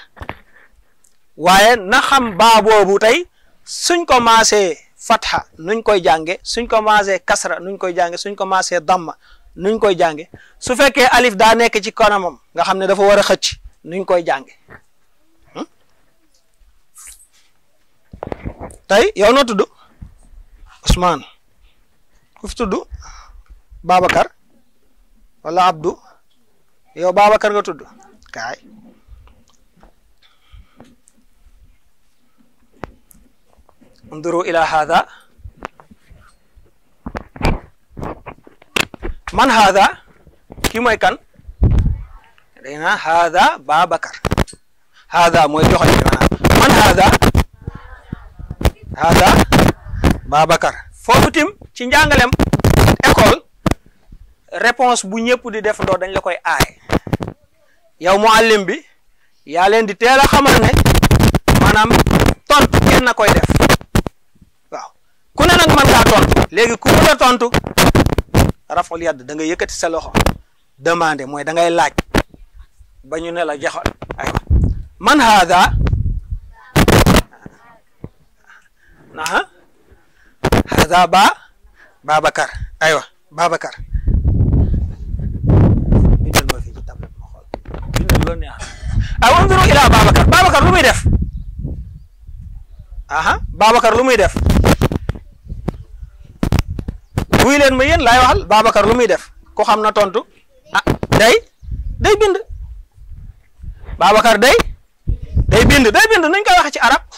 S5: waaye na xam baa boobu tey suñ ko maasee fatha nuñ koy jànge suñ ko maasee kasra nuñ koy jànge suñ ko maasee nuñ koy jànge su fekkee alif daa nekk ci kanamam nga xam ne dafa war a xëcc nuñ koy jànge tey yow noo tudd usmaan ku tudd Babacar wala Abdou yow Babacar nga tudd kaay unduru ila haada man haada kii mooy kan day naa haada Babacar haada mooy joxoñ man haada hada Babacar foofu tim ci njàngalem école réponse bu ñëpp di def ndoo dañ la koy aay yow muallim bi yaa leen di teel a xamal ne maanaam tontu kenn na koy def waaw ku ne nag tontu léegi ku mën tontu raful yadd da ngay yëkkati sa loxo demandé mooy da ngay laaj ba ne la joxal aywa man hada naa haza ba Babacar aywa Babacar bindal ma fii ci tablet ma xool bindal loo neex ah unzuru ila Babacar Babacar muy def aha Babacar lu muy def leen ma yéen laay waxal Babacar lu muy def ku xam na tontu ah day day bind Babacar day day bind day bind nañ koy wax ci arab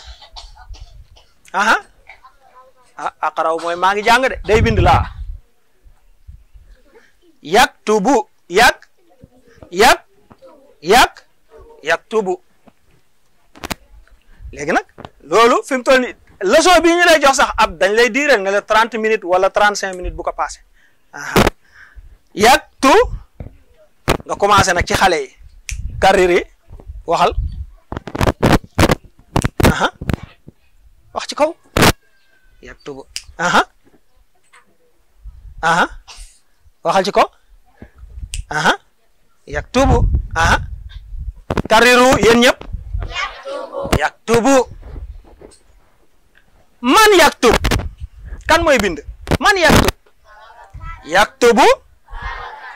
S5: aha a ah, aqaraw ah, mooy maa ngi jàng de day bind laa yaktubu yak yak yak bu léegi nag loolu fi mu toll ni leçon bii ñu lay jox sax ab dañ lay diiral nga la trente minutes wala trente cinq minutes bu ko passé aha yaktu nga commencé na ci xale yi kariri waxal wax ci kaw yaktubu aha aha waxal ci kaw aha yaktubu aha kariru yéen ñëpp yaktubu man yaktub kan mooy bind man yaktub yaktubu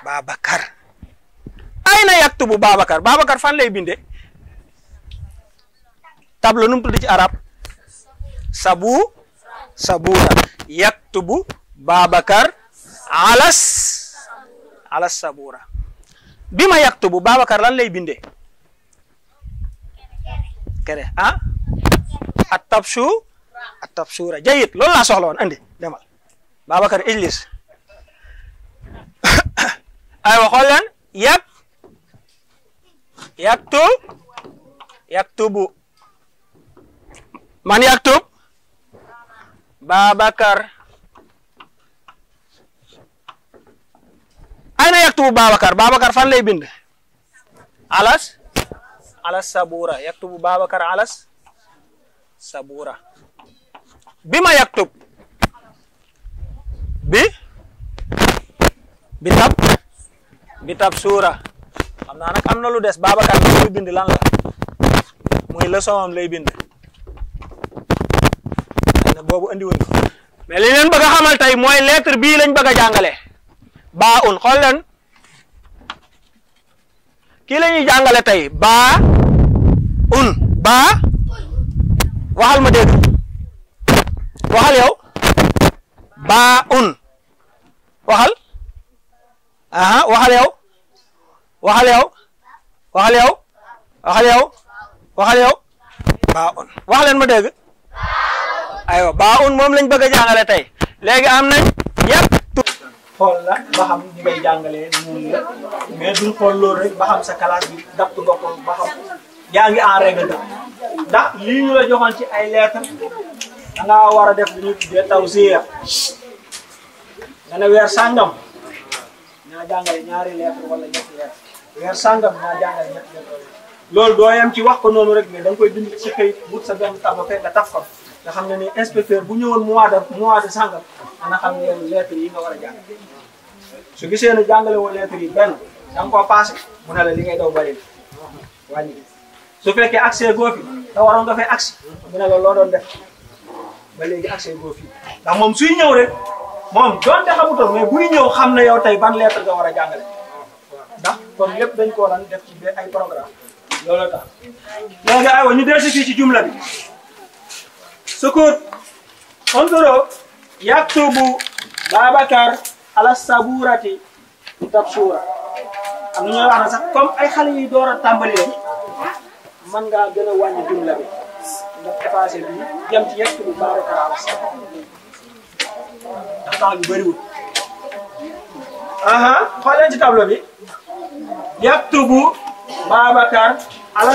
S5: Babakar ayna yaktubu Babakar Babakar fan lay binde tableau nu mu tudd ci arab sabu sabura yaktubu Babacar alas alas sabura bi ma yaktubu Babacar lan lay binde kere ah at tabsu at tabsura jayit loolu laa soxla woon andi demal Babacar ijlis *coughs* aywa xool leen yak yaktub yaktubu man yaktub Babacar ayna yaktubu Babacar Babacar fan lay bind alas alas sabura yaktubu Babacar alas sabura bima yaktub bi bi tab bi tab suura xam naa nag am na lu des Babacar bi muy lan la muy leçon am lay bind sax boobu andi woon ko mais li leen bëgg a xamal tey mooy lettre bii lañ bëgg a jàngale baa un xool leen kii la ñuy jàngale tey baa un baa waxal ma dégg waxal yow baa un waxal aha waxal yow waxal yow waxal yow waxal yow waxal yow baa un wax leen ma dégg aywa baa un moom lañ bëgg a jàngale tey léegi am nañ yëpp. xool la ba xam ni ngay jàngalee noonu la mais duñ xool loolu rek ba xam sa classe bi dab nga ko ba xam en règle da ndax la joxoon ci ay lettre da war a def lu ñuy tuddee tawsiya nga ne weer sàngam naa jàngale ñaari lettre wala weer sàngam naa jàngale ñetti lettre loolu ci wax ko noonu rek mais da koy bind ci këyit wut sa benn tabafee nga taf ko. nga xam ne ni inspecteur bu ñëwoon mois de mois de sàngam dana xam ne lettre yi nga war a jàng su gisee ne jàngale woo lettre yi benn da nga koo passé mu ne la li ngay daw bëri na su fekkee accès goo fi te waroon nga fay accès mu ne la loo doon def ba léegi accès goo fi ndax moom suy ñëw rek moom doonte xamutoon mais buy ñëw xam na yow tey ban lettre nga war a jàngale da kon lépp dañ koo lan def ci ay programme loolu tax léegi aywa ñu dellusi fii ci jumla bi sukut انظروا يكتب بابكر على السبورة تبشورة am na ñooy wax sax comme ay xale yuy door a tàmbali lañ mën ngaa gën a wàññi jumla bi ndax effacé bi baabakar ala aha xool leen ci tableau baabakar ala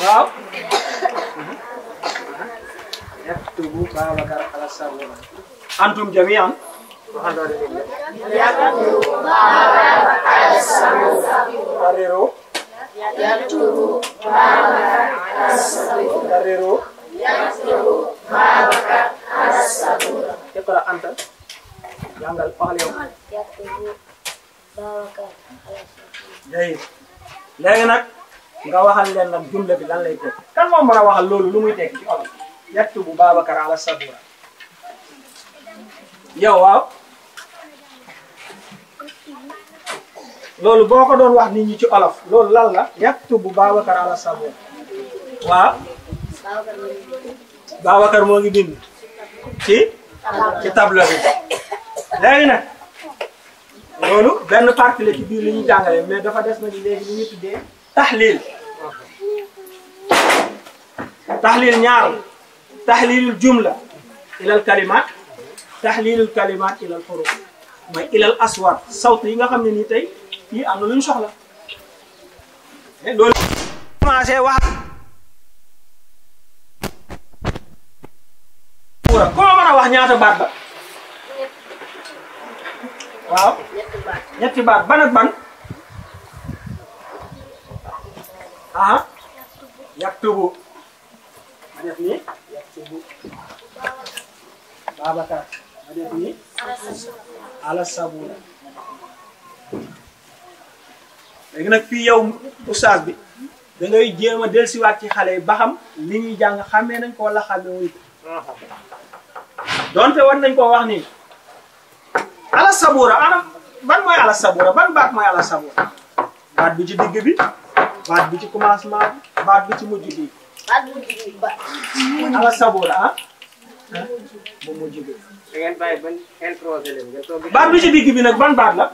S5: waaw yaktubu Babacar ala sarwala antum jamian
S3: yaktubu
S1: Babacar ala sarwala karrero yaktubu Babacar ala sarwala karrero
S6: yaktubu Babacar ala sarwala
S5: iqra anta jàngal waxal yow
S6: yaktubu Babacar ala
S5: sarwala léegi nag nga waxal leen nag jumla bi lan lay teg kan moo waxal loolu lu muy teg ci olof yaktubu Babacar ala sabura yow waaw loolu boo ko doon wax ni ñi ci olof loolu lan la yaktubu Babacar ala sabura waaw Babacar moo ngi bind ci ci tableau bi léegi nag loolu benn partie la ci biir li ñu jàngale mais dafa des na ni léegi li ñuy tuddee taxliil taxliil ñaar taxliilul jumla ilal kalimaat taxliilul kalimaat ilal xuruf mooy ilal aswaat sawt nga xam ne nii tey yii am na lu ñu soxla eh, loolu commencé wax koo mën a wax ñaata baat ba waaw ñetti baat ban ak ban ah yaktubu ma def nii yaktubu Babacar ma def nii ala sabula léegi nag fii yow oustaz bi dangay jéem a dellusiwaat ci xale yi ba xam li ñuy jàng xàmmee nañ ko wala xamee wuñ
S6: ko
S5: donte war nañ koo wax nii ala sabura ana ban mooy ala sabura ban baat mooy ala sabura baat bi ci digg bi baat bi ci commencement bi baat bi ci mujj bi.
S1: baat mujj bi ba. Ah? Ah? bi. da ngeen ci
S5: digg bi nag ban baat la.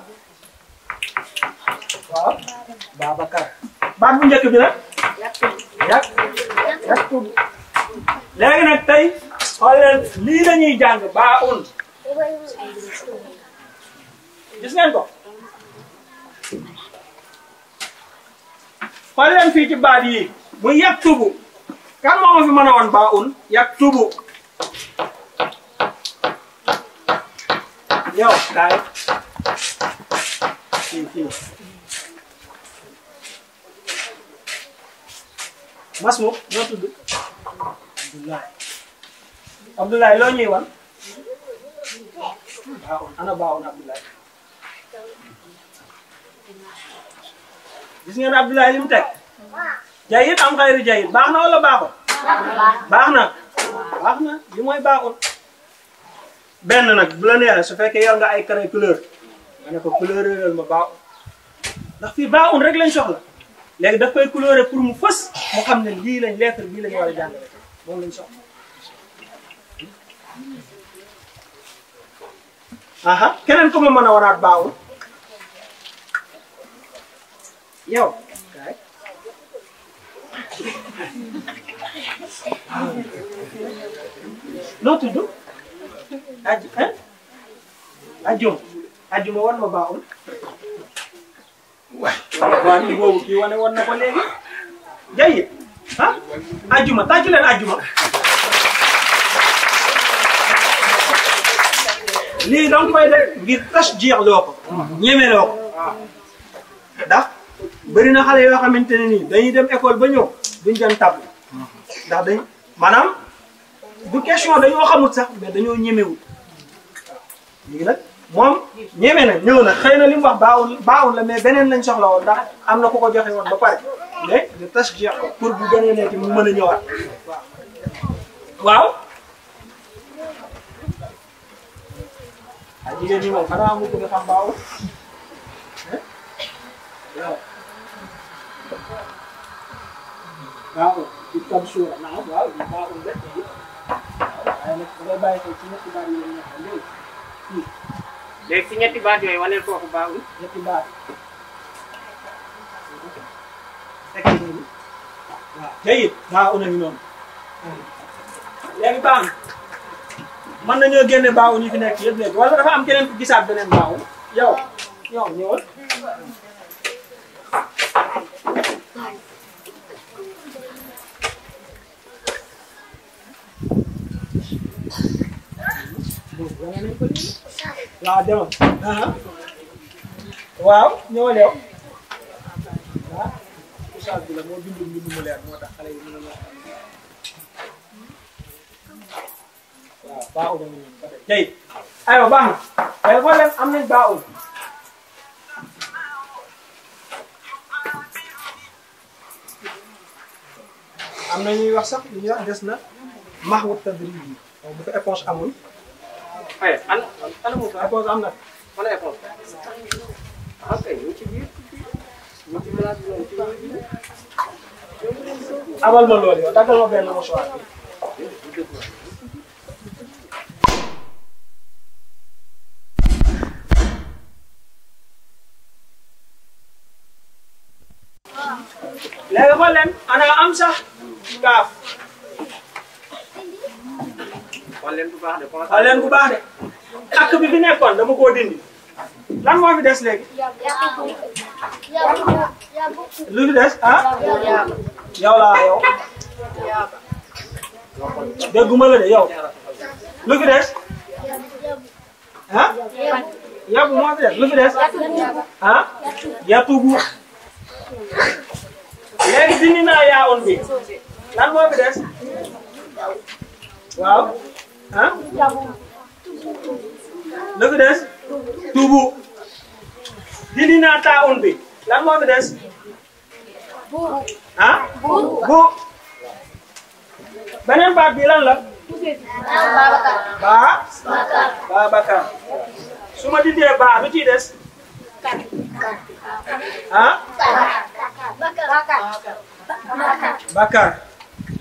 S5: baat bu njëkk bi nag.
S6: yàq yàq
S5: léegi nag tey xool lii la ñuy jàng baa un. gis ko. xool leen fii ci baat yi mu yaktubu kan moo ma fi mën a woon baa un yaktubu yow kaay fii fii masmu noo tudd abdoulaye abdoulaye loo ñuy wan ana baa un abdoulaye nga ngeen Abdoulaye li mu teg jayit am xayru jayit baax na wala baaxul baax na baax na li mooy baaxul benn nag bu la neexee su fekkee yor nga ay craie couleur nga ne ko couleur yooyu ma baaxul ndax fii baaxul rek lañ soxla léegi daf koy couleur pour mu fës mu xam ne lii lañ lettre bii lañ war a jàngale moom lañ soxla aha keneen ko ma mën a waraat baaxul yow kaay noo tudd aju ah ajum ajuma wan ma baaxul. waay waaw kii boobu na ko léegi. jaay ah ajuma tàccu leen ajuma. lii da nga koy def ngir tas jeex loo bëri na xale yoo xamante ne nii dañuy dem école ba ñëw duñ dem table ndax dañ maanaam du question dañoo xamut sax mais dañoo ñemewut léegi nag moom ñeme na ñëw na xëy na li mu wax baawul baawul la mais beneen lañ soxla woon ndax am na ku ko joxe woon ba pare mais de tashjih pour bu gënee nekk mu mën a ñëwaat waaw a jigéen moom xanaa mu bëgg a xam baawul
S6: waaw
S5: itam suura naam waaw baa un rek waaw waaye nag da ngay
S1: bàyyi xel ci ñetti baat yooyu ñu xam léegi fii léegi ci ñetti baat yooyu waneel foofu baa un ñetti baat
S5: waaw tey it baa un a ngi noonu léegi baa un mën nañoo génne baa un yi fi nekk yëpp léegi wala dafa am keneen gisaat beneen baa un yow yow ñëwal waaw demal waaw ñëwal yow ah oustaz bi la moo bindu bindu mu leer moo tax xale yi mën a ñoo xam waaw baa ul ñu ba tey jay aywa baax na day leen am nañ baa ul am na ñuy wax sax li ñuy wax des na max wut tadrib yi bu fi éponge amul. aywa ana ana Moussa éponge am na. wala éponge.
S3: ah kay ñu ci biir ñu ci biir abal ma loolu yow daggal ma benn mouchoir bi.
S5: léegi ba leen ana am sax kaaf. xool leen bu baax de xool leen bu baax de takk bi nekkoon dama koo dindi lan moo fi des léegi.
S6: lu fi des ah.
S5: yow laa yow. dégguma la de yow. lu fi des. ah. yabu moo fi des lu fi des. ah. yatugu. léegi dindi naa yaa on bi lan moo fi des. waaw. ah la des tuubu dindi naa taa un bi lan moo fi des ah bu beneen baat bi lan la baa Babacar su ma dindee baa lu ciy des ah Bakar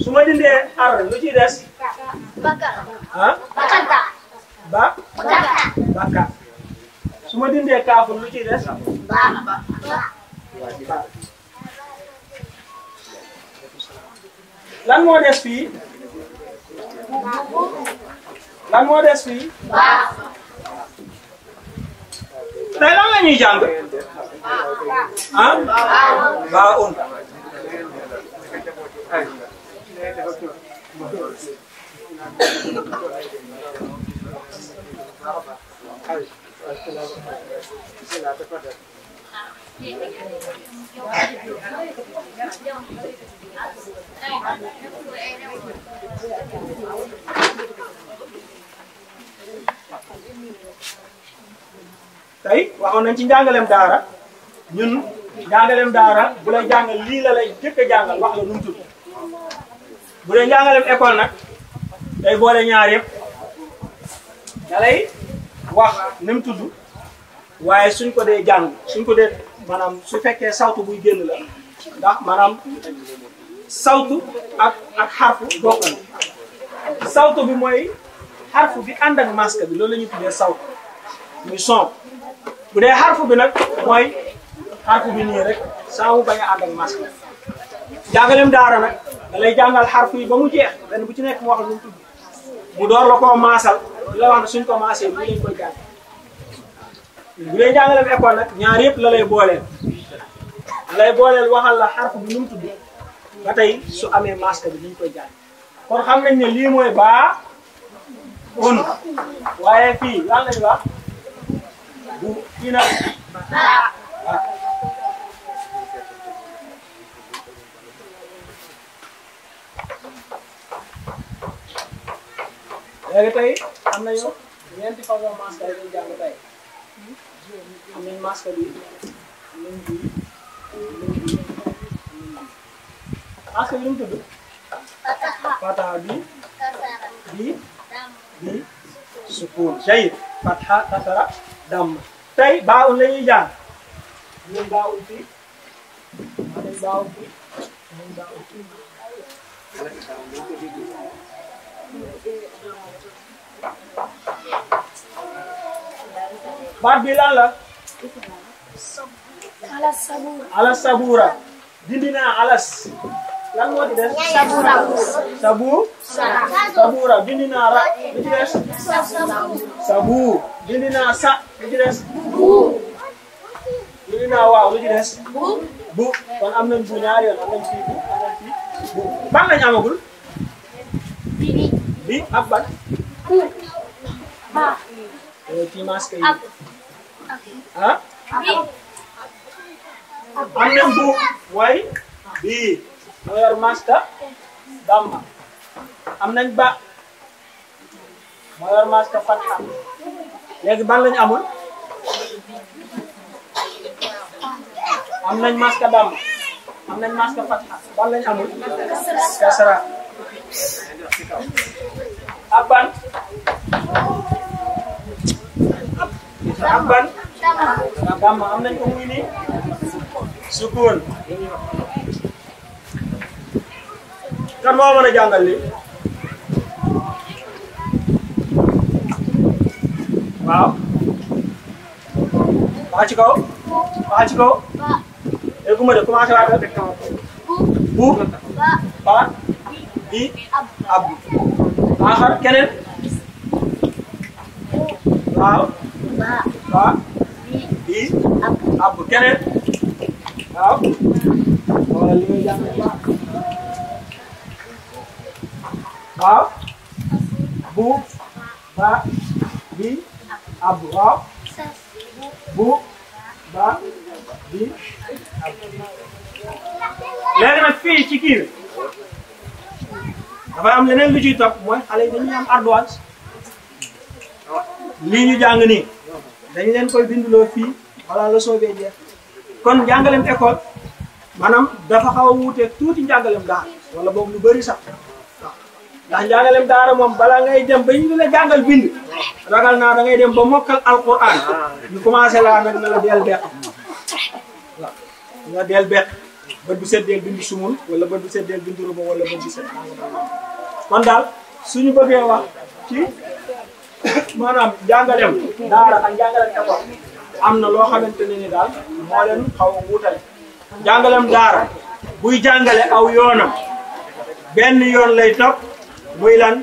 S5: su ma dindee ar lu ciy des. bakka. ah. bakka. ba. bakka. su ma dindee kaafu lu ciy des. ba. ba. lan moo des fii. lan moo des fii. ba. tey lan la ñuy jàng.
S6: ah. ba un. tey
S5: waxoon nañ ci njàngaleem daara ñun njàngaleem daara bu lay jàngal lii la lay jëkk a jàngal wax bu dee njàngaleem école nag day boole ñaar yëpp da lay tudd waaye suñ ko dee jàng suñ ko dee maanaam su fekkee sawtu buy génn la ndax maanaam sawtu ak ak xarfu bokk na sawtu bi mooy xarfu bi ànd ak masque bi loolu la ñuy tuddee sawtu muy son bu dee xarfu bi nag mooy xarfu bi nii rek saa mu bañ a ànd ak masque bi jàngaleem daara nag da lay jàngal xarfu yi ba mu jeex benn bu ci nekk mu wax lu mu tudd mu door la koo maasal di la wax ne suñ ko maasee bu leen koy jàng bu dee ñaar yëpp la lay booleel waxal la xarfu bi tey su amee masque bi duñ koy jàng kon xam nañ ne lii mooy baa un waaye fii lan lañ wax bu ina léegi tey am na yow ñeenti façon masque yi ñu jàng tey am nañ masque bi am nañ bi masque bi nu mu tudd fata bi bi bi sukun jayid fatha kasara damm tey baawul la ñuy jàng ñun baawul fii ñun baawul fii ñun baawul fii baat bi lan la. alas sabura. alas naa alas.
S6: lan moo di des. sabura.
S5: sabu. naa ra. li ci des. sabu. naa sa. li naa waaw li ci bu. kon am nañ bu ñaari am nañ fii bu am nañ fii bi bi ba ci masque yi ah
S6: am nañ bu
S5: waaye bii moo yor masque damma am nañ ba moo yor masque fatha léegi ban lañ amul am nañ masque damma am nañ masque fatha ban lañ amul kasra abban abban damma am nañ ko muy nii sukun kan moo mën a li waaw waxa ci kaw waxa ci kaw dégguma de commencé waat bu ba
S6: bi ab
S5: aaxar keneen waaw waaw bii ab keneen waaw waaw bu ba bi ab bu ba bi ab léegi nag ci kii dafay am leneen lu ciy topp mooy xale yi am ardoise ñu jàng nii dañu leen koy binduloo fii wala la bee jeex kon jàngaleem école maanaam dafa xaw a wuuteeg tuuti njàngaleem daara wala boobu lu bari sax waaw ndax njàngaleem daara moom balaa ngay dem ba ñu la jàngal bind ragal naa da ngay dem ba mokkal alquran ñu commencé laa nag na la del beq nga del bet bët bu set deel bind sumul wala bët bu set deel bind ruba wala bët bu set kon daal suñu bëggee wax ci maanaam jàngaleem daara am na loo xamante ne ni daal moo xaw a wuutale jàngaleem daara buy jàngale aw yoonam benn yoon lay topp muy lan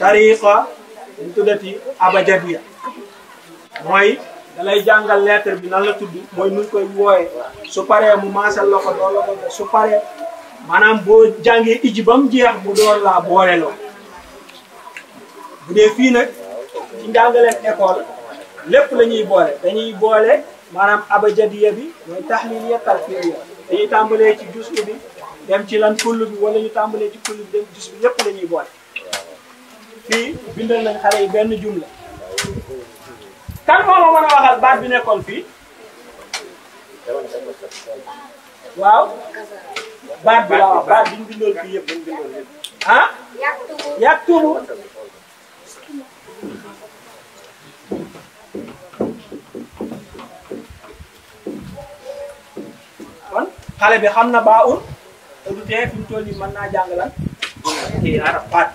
S5: tariqa ñu tuddati abajadiya mooy da jàngal lettre bi nan la tudd mooy nu koy wooye su paree mu maasal la ko doon su paree maanaam boo jàngee iji ba mu jeex mu doon laa boole loo bu dee fii nag ci njàngaleen école lépp la boole dañuy boole maanaam abajadiya bi mooy taxliliya tarfiya dañuy tàmbalee ci jus bi dem ci lan kull bi wala ñu tàmbalee ci kull bi dem jus bi yépp lañuy ñuy boole fii bindal nañ xale yi benn jumla kan moo a baat bi nekkoon fii waaw
S6: baat bi waaw baat bi
S5: fii yëpp dañu bindoon yëpp ah? xale bi xam na baa un te du tee fi mu toll nii mën naa jàng lan kii arab baat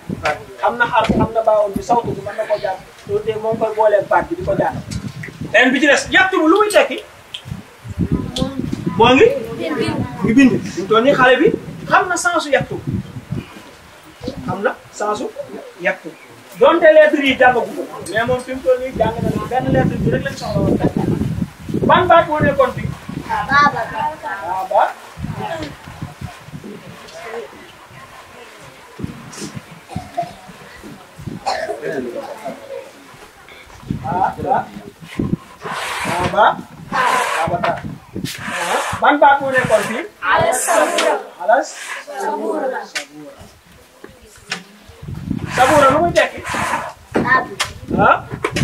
S5: xam na xar xam na baa un bi sawtu bi mën na koo jàng loolu de moom koy boolee baat bi di ko jàngal. beneen bi ci des yàttu lu muy tekki moo ngi. ngi bind ñu toll nii xale bi xam na sensu yàttu xam na sensu yàttu donte lettres yi jàngagu ko moom fi mu toll jàng na benn lettre bi rek lañ ban baat moo nekkoon fii. baaba ba ba ban baat moo nekkoon fii. alas sabura. alas sabura. sabura lu muy tekki. tab. ah.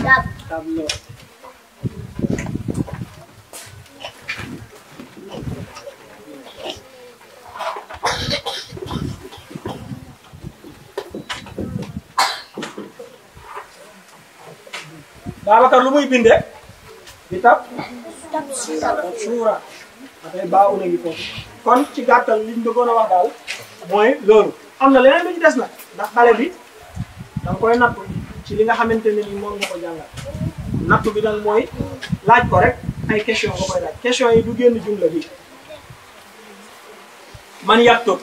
S5: tab. tableau. Babacar lu muy bindee bi tab suura dafay baa una ngi kon ci gàttal liñ bëggoon a wax daal mooy loolu am na leneen lu ñu des nag ndax xale bi da nga koy natt ci li nga xamante ne ni moom nga ko jàngal natt bi nag mooy laaj ko rek ay question nga koy laaj question yi du génn jumla bi man yàgg toog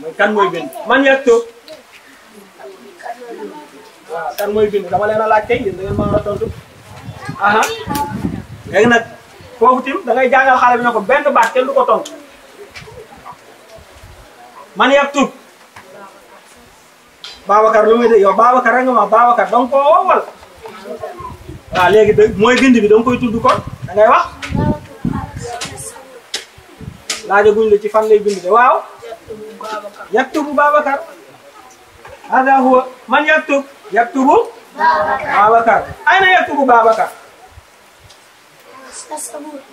S5: mooy kan mooy bind man yàgg toog waaw kan mooy bind dama leen a laaj tey yéen da ngeen ma war a tontu aha léegi nag foofu tim da ngay jàngal xale bi ne ko benn baat kenn du ko tontu man yaktub Babacar lu muy mooy bind bi da koy tudd kon da ngay wax laajaguñ la ci fan lay bind de waaw yaktubu Babacar hada huwa man yaktub yaktubu
S6: Babacar
S5: ayna yaktubu Babacar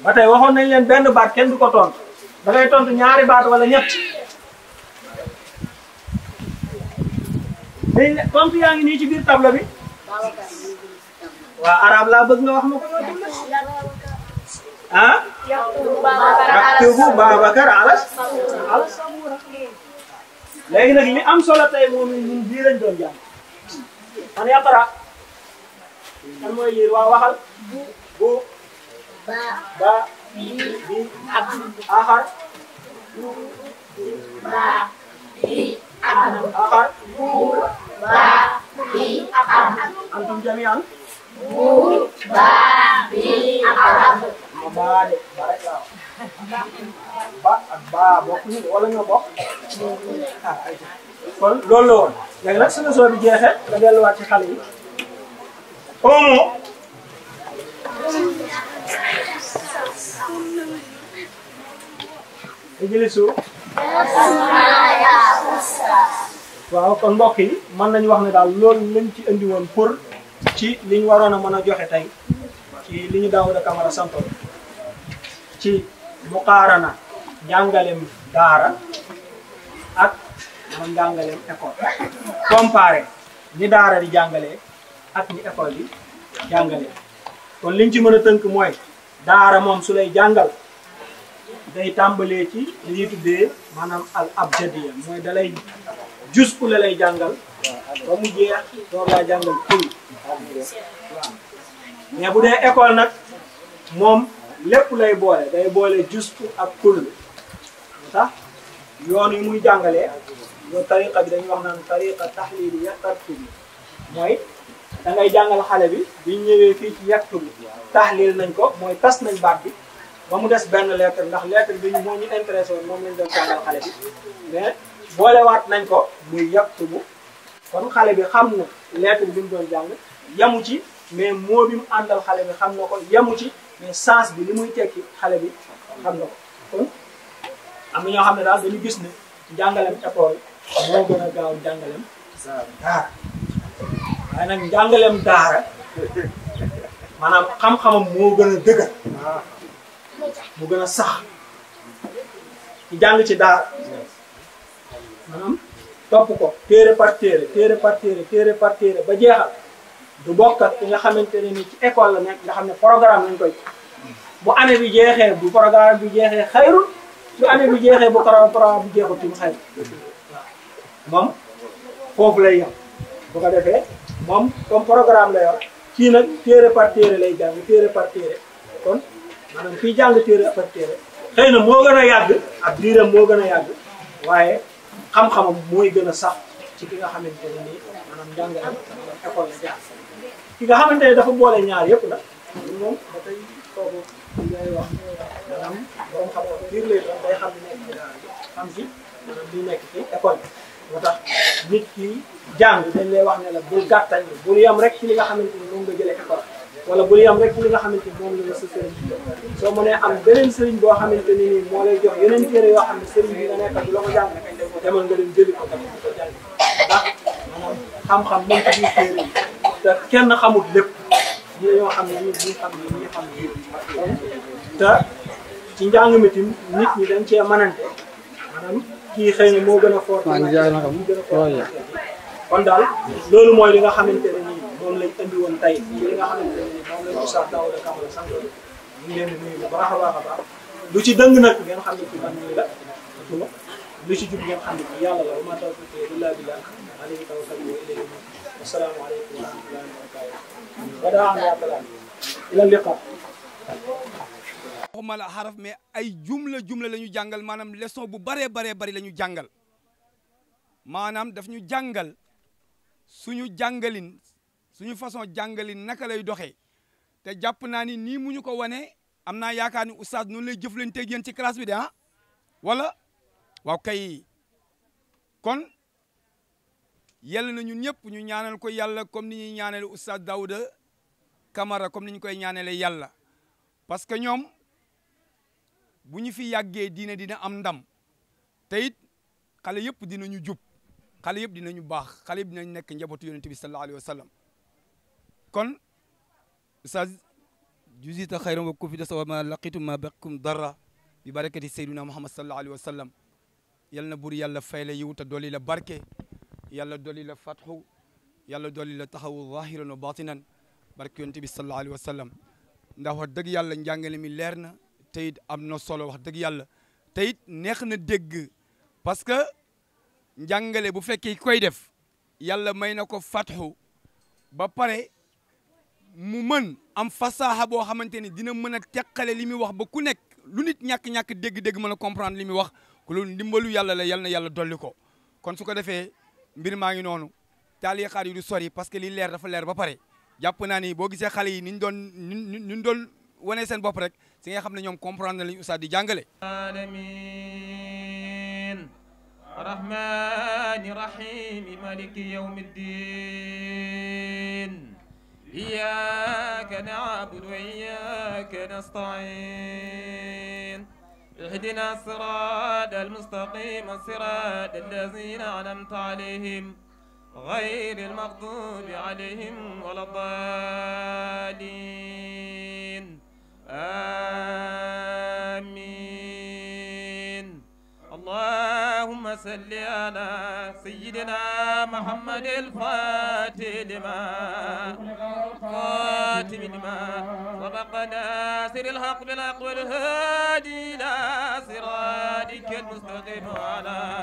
S5: ba tey waxoon nañ leen benn baat kenn du ko tontu da ngay tontu ñaari baat wala ñett dañ yaa ngi nii ci biir tableau bi waa arab laa bëgg nga wax ma ko yow tamit
S6: ah. yaktubu Babacar ala
S5: léegi nag li am solo tey moom ñun bii lañ doon jàng. man yaqara kan mooy liir waaw waxal bu ba ba bi bi ak bu ba bi ak bu ba bi axar antum jami'an bu ba bi axar ma baa de ba rek laa ba ak baa bokk wala bokk kon loolu la woon léegi nag suñu soo bi jeexee nga delluwaat ci xale yi omo ijlisu waaw kon mbokk yi mën nañu wax ne daal loolu lañ ci indi woon pour ci li ñu waroon a mën a joxe tey ci li ñu Daouda Camara santoon ci muqaarana njàngalem daara ak mooy njàngaleem école comparé ni daara di jàngale ak ni école di jàngale kon liñ ci mën a tënk mooy daara moom su lay jàngal day tàmbalee ci li ñuy tuddee maanaam al abjadiya mooy dalay jus la lay jàngal ba mu jeex door laa jàngal kuy mais bu dee école nag moom lépp lay boole day boole justu ak kull tax yoon yi muy jàngalee ñun tariqa bi dañuy wax naan tariqa taxliiliya tartubi mooy da ngay jàngal xale bi biñ ñëwee fii ci yàq bi taxliil nañ ko mooy tas nañ baat bi ba mu des benn lettre ndax lettre bi moo ñu intéressé woon moom lañ doon jàngal xale bi mais boolewaat nañ ko muy yàq bu kon xale bi xam na lettre bi jàng yamu ci mais moo bi mu àndal xale bi xam na ko yamu ci mais sens bi li muy tekki xale bi xam na ko kon am na ñoo xam ne daal dañu gis ni ne jàngaleem école moo gën a gaaw njàngalem daara waaye nag njàngalem xam moo gën a dëgër mu gën a sax ci jàng ci daara maanaam topp ko téere par téere téere par téere ba jeexal du bokk ak ki nga xamante ne ni ci école la nekk nga xam ne programme lañ koy bu année bi jeexee bu programme bi jeexee xayrul su année bi jeexee bu programme bi jeexul tim xayrul moom foofu lay yam bu ko defee moom comme programme la yor kii nag téere par téere lay jàng téere par téere kon maanaam fii jàng téere par téere xëy na moo gën a yàgg ak diiram moo gën a yàgg waaye xam-xamam mooy gën a sax ci ki nga xamante ne nii maanaam jàng na ki nga xamante ne dafa boole ñaar yëpp nag moom ba tey kooku ngay wax maanaam borom xam-xam biir lay doon day xam li nekk ci daara école bi moo tax nit ki jàng dañ lay wax ne la bul gàttañ bul yem rek ci li nga xamante ni moom nga jëlee école wala bu yem rek ci li nga xamante ni moom la nga soo mënee am beneen sëriñ boo xamante ni moo lay jox yeneen yoo xam ne sëriñ bi nga nekk du la ko jàng demal nga dem jëli ko tamit ko jàng ndax maanaam xam moom ci biir téere yi kenn xamut lépp ñi ñoo xam ne ñi ñi xam ne ñi xam ne te ci njàng mi nit ñi dañ cee mënante maanaam kii xëy na moo gën a fort. maa ngi jaay ma xam kon daal loolu mooy li nga xamante ne nii moom lañ andi woon tey li nga xamante ne nii moom lañ Oustaz Daouda Camara sant ñu ngi leen di nuyu bu baax a baax a baax lu ci dëng nag ngeen xam ne ci man mii la lu ci jub ngeen xam ne ci yàlla la wa maa tawfiiqii illaa billaah alayhi tawakkaltu wa ilayhi uniib assalaamu aleykum
S6: wa rahmatullaahi wa barakaatuh.
S4: waxuma la xaraf mais ay jumla jumla la ñu jàngal maanaam leçon bu baree bare bari la ñu jàngal maanaam daf ñu jàngal suñu jàngalin suñu façon jàngalin naka lay doxee te jàpp naa ni nii mu ñu ko wane am naa yaakaar ni oustaz noonu lay jëflanteeg yéen ci classe bi de ah wala waaw kay kon yàlla na ñun ñëpp ñu ñaanal ko yàlla comme ni ñuy ñaanale oustaz Daouda Camara comme ni ñu koy ñaanale yàlla parce ñoom bu ñu fi yàggee diine dina am ndam te it xale yëpp dinañu jub xale yëpp ñu baax xale yëpp dinañ nekk njabootu yonente bi sallallahu alayhi wa sallam kon sa jusita xayran wa kufida sawa ma laqitum ma baqikum dara bi barakati sayduna muhammad sallallahu alayhi wa sallam yal na bur yàlla fay la yiw te dooli la barke yàlla dooli la fatxu yàlla dooli la taxawu zahiran wa batinan barke yonente bi sallallahu alayhi wa sallam ndax wax dëgg yàlla leer na te it am na solo wax dëgg yàlla te it neex na dégg parce que njàngale bu fekkee koy def yàlla may na ko fatxu ba pare mu mën am fasaaxa boo xamante ni dina mën a teqale li muy wax ba ku nekk lu nit ñàkk-ñàkk dégg-dégg mën a comprendre li muy wax ku loolu ndimbalu yàlla la yal na yàlla dolli ko kon su ko defee mbir maa ngi noonu taali xaar yi du sori parce que li leer dafa leer ba pare jàpp naa ni boo gisee xale yi ni ñu doon ni ñu doon wane seen bopp rek si nga xam ne ñoom comprendre lañu ustaad di jàngale
S7: alamin rahmani rahim maliki yawmi ddin iyyaka na'budu wa iyyaka nasta'in اهدنا الصراط المستقيم صراط الذين أنعمت عليهم غير المغضوب عليهم ولا الضالين آمين اللهم صل على سيدنا محمد الفاتح لما خاتم لما سبق ناصر الحق بالحق والهادي إلى صراطك المستقيم على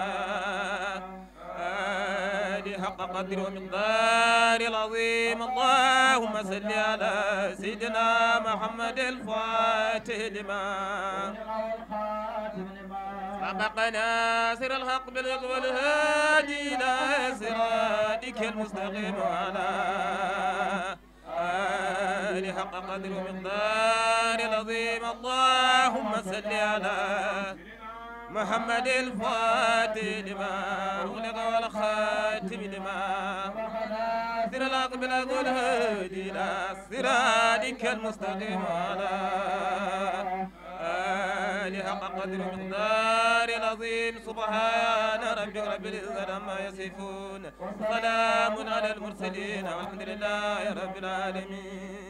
S7: حق قدره ومقداره العظيم اللهم صل على سيدنا محمد الفاتح لما سبق ناصر الحق بالرضا والهادي الى صراطك المستقيم وعلى آل حق قدره ومقداره العظيم اللهم صل على محمد الفاتح لما أغلق والخاتم لما سر الأقبل أقول هدي إلى صراطك المستقيم على آله حق قدر مقدار العظيم سبحان ربك رب العزة عما يصفون سلام على المرسلين والحمد لله رب العالمين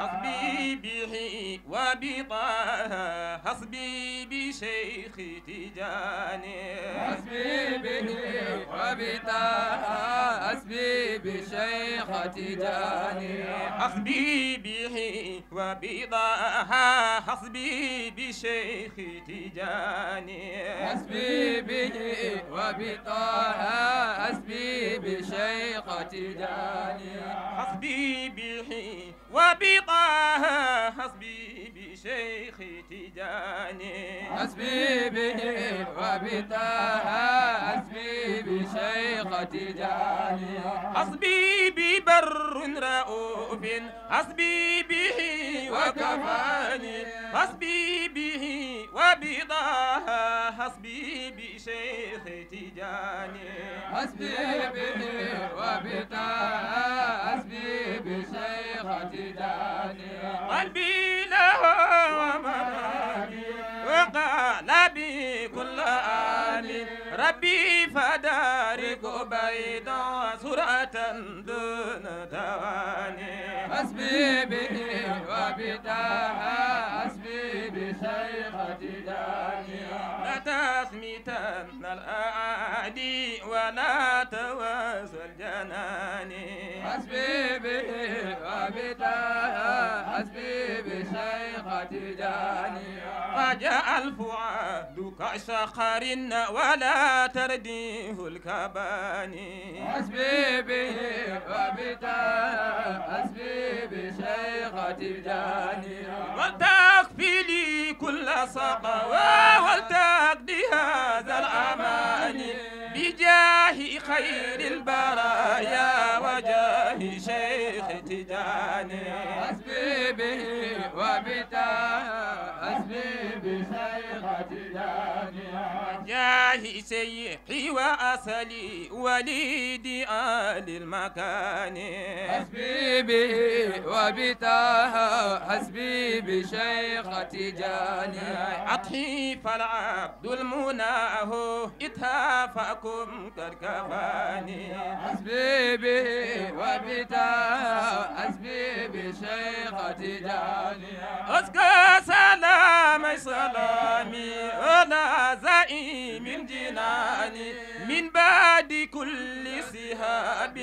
S7: حسبي بحي وبطه حسبي بشيخ تجاني حسبي به وبطه حسبي بشيخ تجاني حسبي به وبطه حسبي بشيخ تجاني حسبي به وبطه حسبي بشيخ تجاني لي بحي وبطه حسبي بشيخ تجاني حسبي به وبطه حسبي بشيخ تجاني حسبي ببر رؤوف حسبي به وكفاني حسبي بيضا حسبي بشيخ تجاني حسبي به وبتا حسبي بشيخ تجاني قلبي له ومنامي وقلبي كل آني ربي فدارك بيضا سرعة دون تواني حسبي به وبتا حسبي بشيخ تجاني تثميتا الأعادي ولا توسل جناني حسبي به وبداها حسبي بشيخ تجاني فجاء الفؤاد كصخر ولا ترديه الكباني حسبي به وبداها حسبي بشيخ تجاني وتكفي لي كل سقوى ولتقضي هذا الأماني بجاه خير البرايا وجاه شيخ تجاني أسبي به وبتاه أسبي بشيخ تجاني وجاه سيحي وأصلي وليدي آل المكان أسبي به وبتاه أسبي بشيخ تجاني أخي فالعبد المناه إتهافكم قد كفاني حسبي به وبتا حسبي بشيخة جاني أزكى سلامي سلامي أنا زعيم من جناني من بعد كل سهاب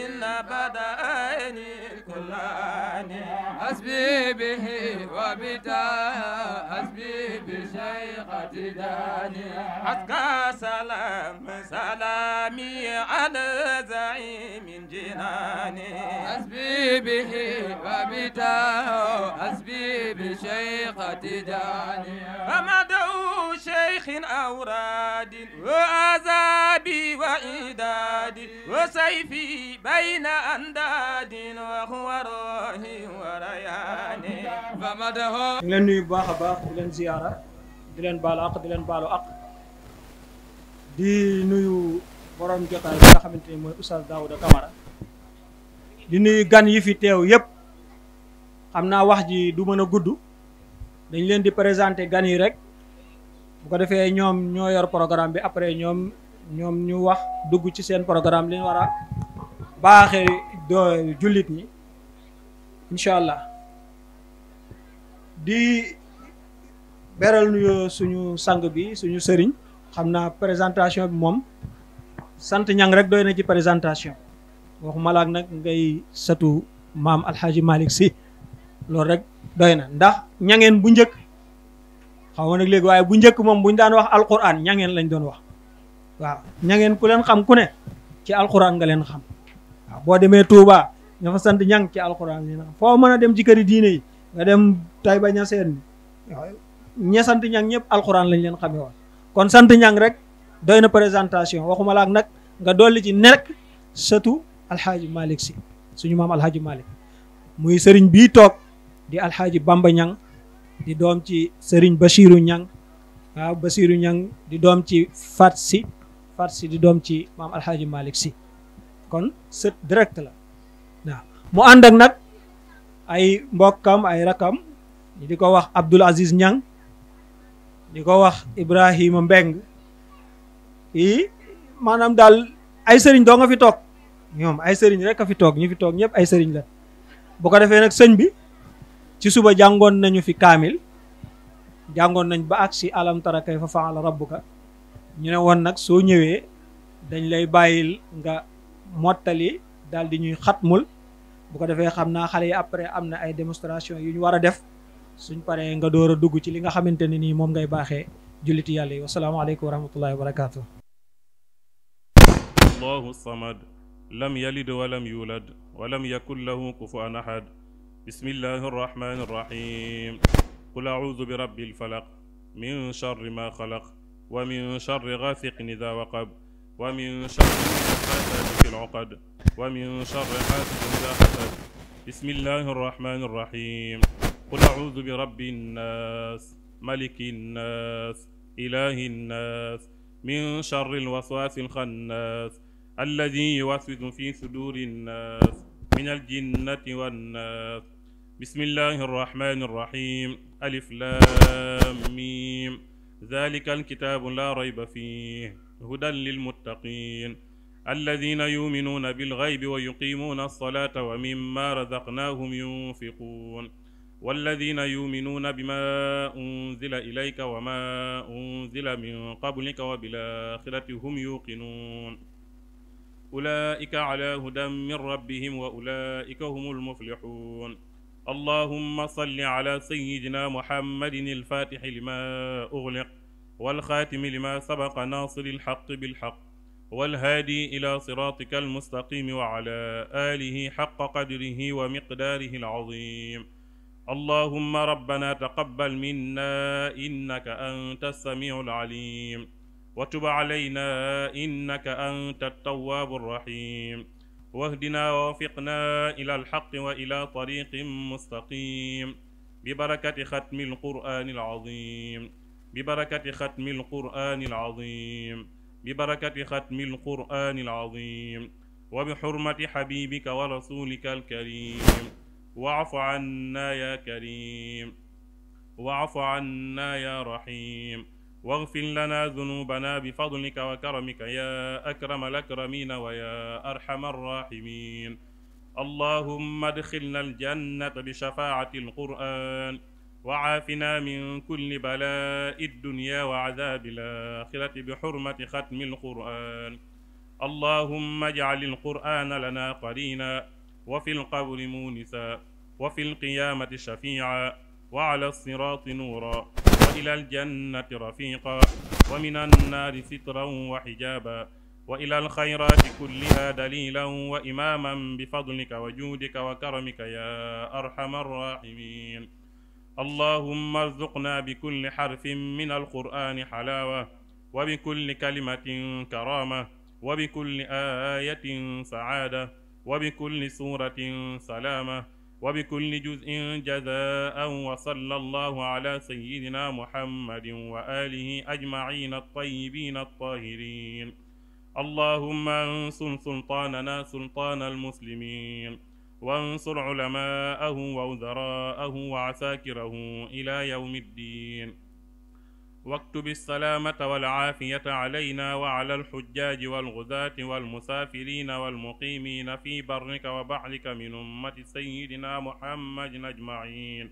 S7: بدأني الخذلان حسبي به وبدا حسبي بشيقة داني بقى سلام سلامي على زعيم جناني حسبي به وبداه حسبي بشيخ تجاني فمدعو شيخ أو راد وعذابي وإدادي وسيفي بين أنداد وهو روحي ورياني فمدعو leen
S5: nuyu bu baax a baax di leen ziyaara di leen baalu àq di leen baalu àq di nuyu borom jotaay bi nga xamante ni mooy Oustaz Daouda di nuyu gan yi fi teew yëpp xam naa wax ji du mën a gudd dañ leen di présenter gan yi rek bu ko defee ñoom ñoo yor programme bi après ñoom ñoom ñu wax dugg ci seen programme li ñu war a baaxee doo jullit ñi incha allah di beral nuyoo suñu sang bi suñu sëriñ xam naa présentation bi moom sant ñang rek doy na ci présentation waxuma laak nag ngay satu maam alxaaji malik si loolu rek doy na ndax ñangeen bu njëkk xam ma nag léegi waaye bu njëkk moom buñ daan wax alquran ñangeen lañ doon wax waaw ñangeen ku leen xam ku ne ci alquran nga leen xam boo demee Touba nga fa sant ñang ci alquran leen xam foo mën a dem ci këri diine yi nga dem Tayba ña seen ña sant ñang ñëpp alquran lañ leen xamee woon kon sant ñang rek doy na présentation waxuma la ak nag nga dolli ci nekk sëtu alxaaji malik si suñu maam alxaaji malik muy sëriñ bi toog di alxaaji Bamba ñang di doom ci sëriñ Bachirou ñaŋ waaw Bachirou ñang di doom ci Fat si Fat si di doom ci maam alxaaji malik si kon sët direct la mu ànd ak nag ay mbokkam ay rakam di ko wax Abdoul Aziz ñang di ko wax Ibrahima Mbeng yi maanaam daal ay sëriñ doo nga fi toog ñoom ay sëriñ rek a fi toog ñu fi toog ñëpp ay sëriñ la bu ko defee nag sëñ bi ci suba jàngoon nañu fi kaamil jàngoon nañ ba agsi alam tara kayfa fa'ala rabbuka ñu ne woon nag soo ñëwee dañ lay bàyyil nga mottali daal di ñuy xatmul bu ko defee xam naa xale yi après am na ay démonstration yu ñu war a def suñ paree nga door dugg ci li nga xamante ne nii moom ngay baaxe julliti yàlla yi wasalaamaaleykum wa rahmatullahi wa barakaatu.
S8: lam yalid walam yulad walam yakun lahu kufuwan ahad bismillahi arrahmani arrahim qul audu bi rabbil min charri ma xalaq wa min charri gaasiqin ida waqab wa min charri nafasaati fi luqad wa min charri قل أعوذ برب الناس ملك الناس إله الناس من شر الوسواس الخناس الذي يوسوس في صدور الناس من الجنة والناس بسم الله الرحمن الرحيم ألف لام ميم ذلك الكتاب لا ريب فيه هدى للمتقين الذين يؤمنون بالغيب ويقيمون الصلاة ومما رزقناهم ينفقون والذين يؤمنون بما أنزل إليك وما أنزل من قبلك وبالآخرة هم يوقنون أولئك على هدى من ربهم وأولئك هم المفلحون اللهم صل على سيدنا محمد الفاتح لما أغلق والخاتم لما سبق ناصر الحق بالحق والهادي إلى صراطك المستقيم وعلى آله حق قدره ومقداره العظيم allahumma rabbana taqabbal minna innaka anta as-sami'u al-alim wa tub alayna innaka anta at-tawwabu ar-rahim wahdina wa wafiqna ila al-haqqi wa ila tariqin mustaqim bibarakati khatmi al-qur'ani al-azim bibarakati khatmi al-qur'ani al-azim bibarakati khatmi al-qur'ani al-azim wa bi hurmati habibika wa rasulika al-karim واعف عنا يا كريم واعف عنا يا رحيم واغفر لنا ذنوبنا بفضلك وكرمك يا أكرم الأكرمين ويا أرحم الراحمين اللهم ادخلنا الجنة بشفاعة القرآن وعافنا من كل بلاء الدنيا وعذاب الآخرة بحرمة ختم القرآن اللهم اجعل القرآن لنا قرينا wa fi lqabri muunisa wa fi lqiyaamati shafiica wa ala siraati nuura wa ila aljannati rafiiqa wa min annaari sitran wa xijaaba wa ila alxayraati kulliha dalilan wa imaaman bifadlika wa juudika wa karamika ya arxama arraximin allahumma arzuqna bikulli xarfin min alqur'ani xalaawa wa bikulli kalimatin karaama wa bikulli aayatin sacaada وبكل سورة سلامة وبكل جزء جزاء وصلى الله على سيدنا محمد وآله أجمعين الطيبين الطاهرين اللهم انصر سلطاننا سلطان المسلمين وانصر علماءه ووزراءه وعساكره إلى يوم الدين واكتب السلامة والعافية علينا وعلى الحجاج والغزاة والمسافرين والمقيمين في برك وبحرك من أمة سيدنا محمد أجمعين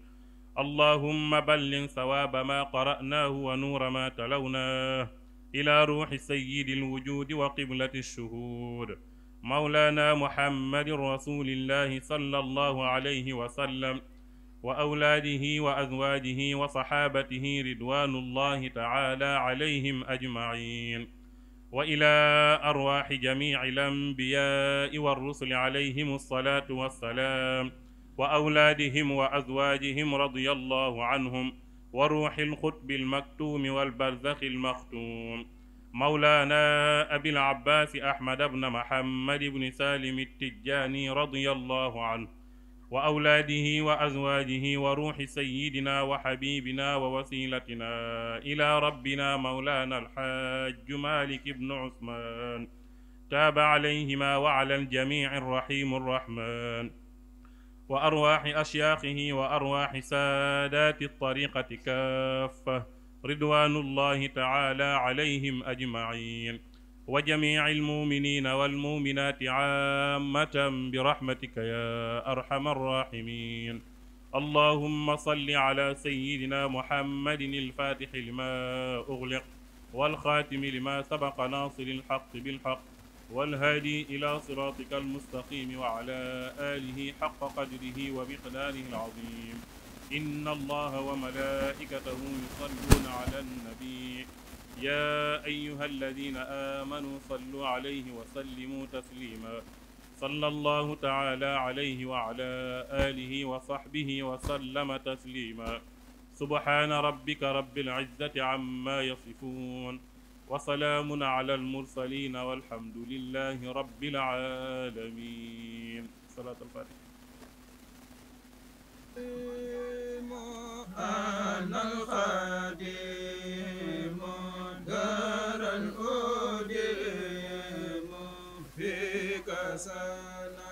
S8: اللهم بلغ ثواب ما قرأناه ونور ما تلوناه إلى روح سيد الوجود وقبلة الشهود مولانا محمد رسول الله صلى الله عليه وسلم wa awlaadihi wa azwaajihi wa saxaabatihi ridwaanullahi taala alayhim ajmaciin wa ilaa arwaaxi jamiicil anbiyaa'i warrusuli alayhimu salaatu wassalaam wa awlaadihim wa azwaajihim radiyallaahu canhum wa ruuxil qutbil maktuumi wal barzaxil maxtuum mawlaanaa abil cabbaasi ahmad bna muhammad bni saalim tijjaani radiyallaahu canhu wa awlaadihi wa azwaajihi wa ruuxi sayyidina wa xabibina wa wasilatina ila rabbina mawlaana alxaaju malik ibnu usmaan taaba alayhima wa ala aljamici arrahimu arrahman wa arwaaxi ashyaaqihi wa arwaaxi saadaati tariqati kaafa ridwaanu allahi taala alayhim ajmaciin wa jamii'il mu'miniina wal mu'minaati 'aammatan bi rahmatika yaa arhamar raahimiin allahumma salli 'alaa sayyidinaa muhammadin al-faatixi limaa ughliq wal xaatimi limaa sabaqa naasiril haqqi bil haqqi والهادي إلى صراطك المستقيم وعلى آله حق قدره ومقداره العظيم إن الله وملائكته يصلون على النبي يا أيها الذين آمنوا صلوا عليه وسلموا تسليما صلى الله تعالى عليه وعلى آله وصحبه وسلم تسليما سبحان ربك رب العزة عما يصفون وسلام على المرسلين والحمد لله رب العالمين صلاة الفاتحة
S9: على الخادم حسنا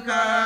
S9: ka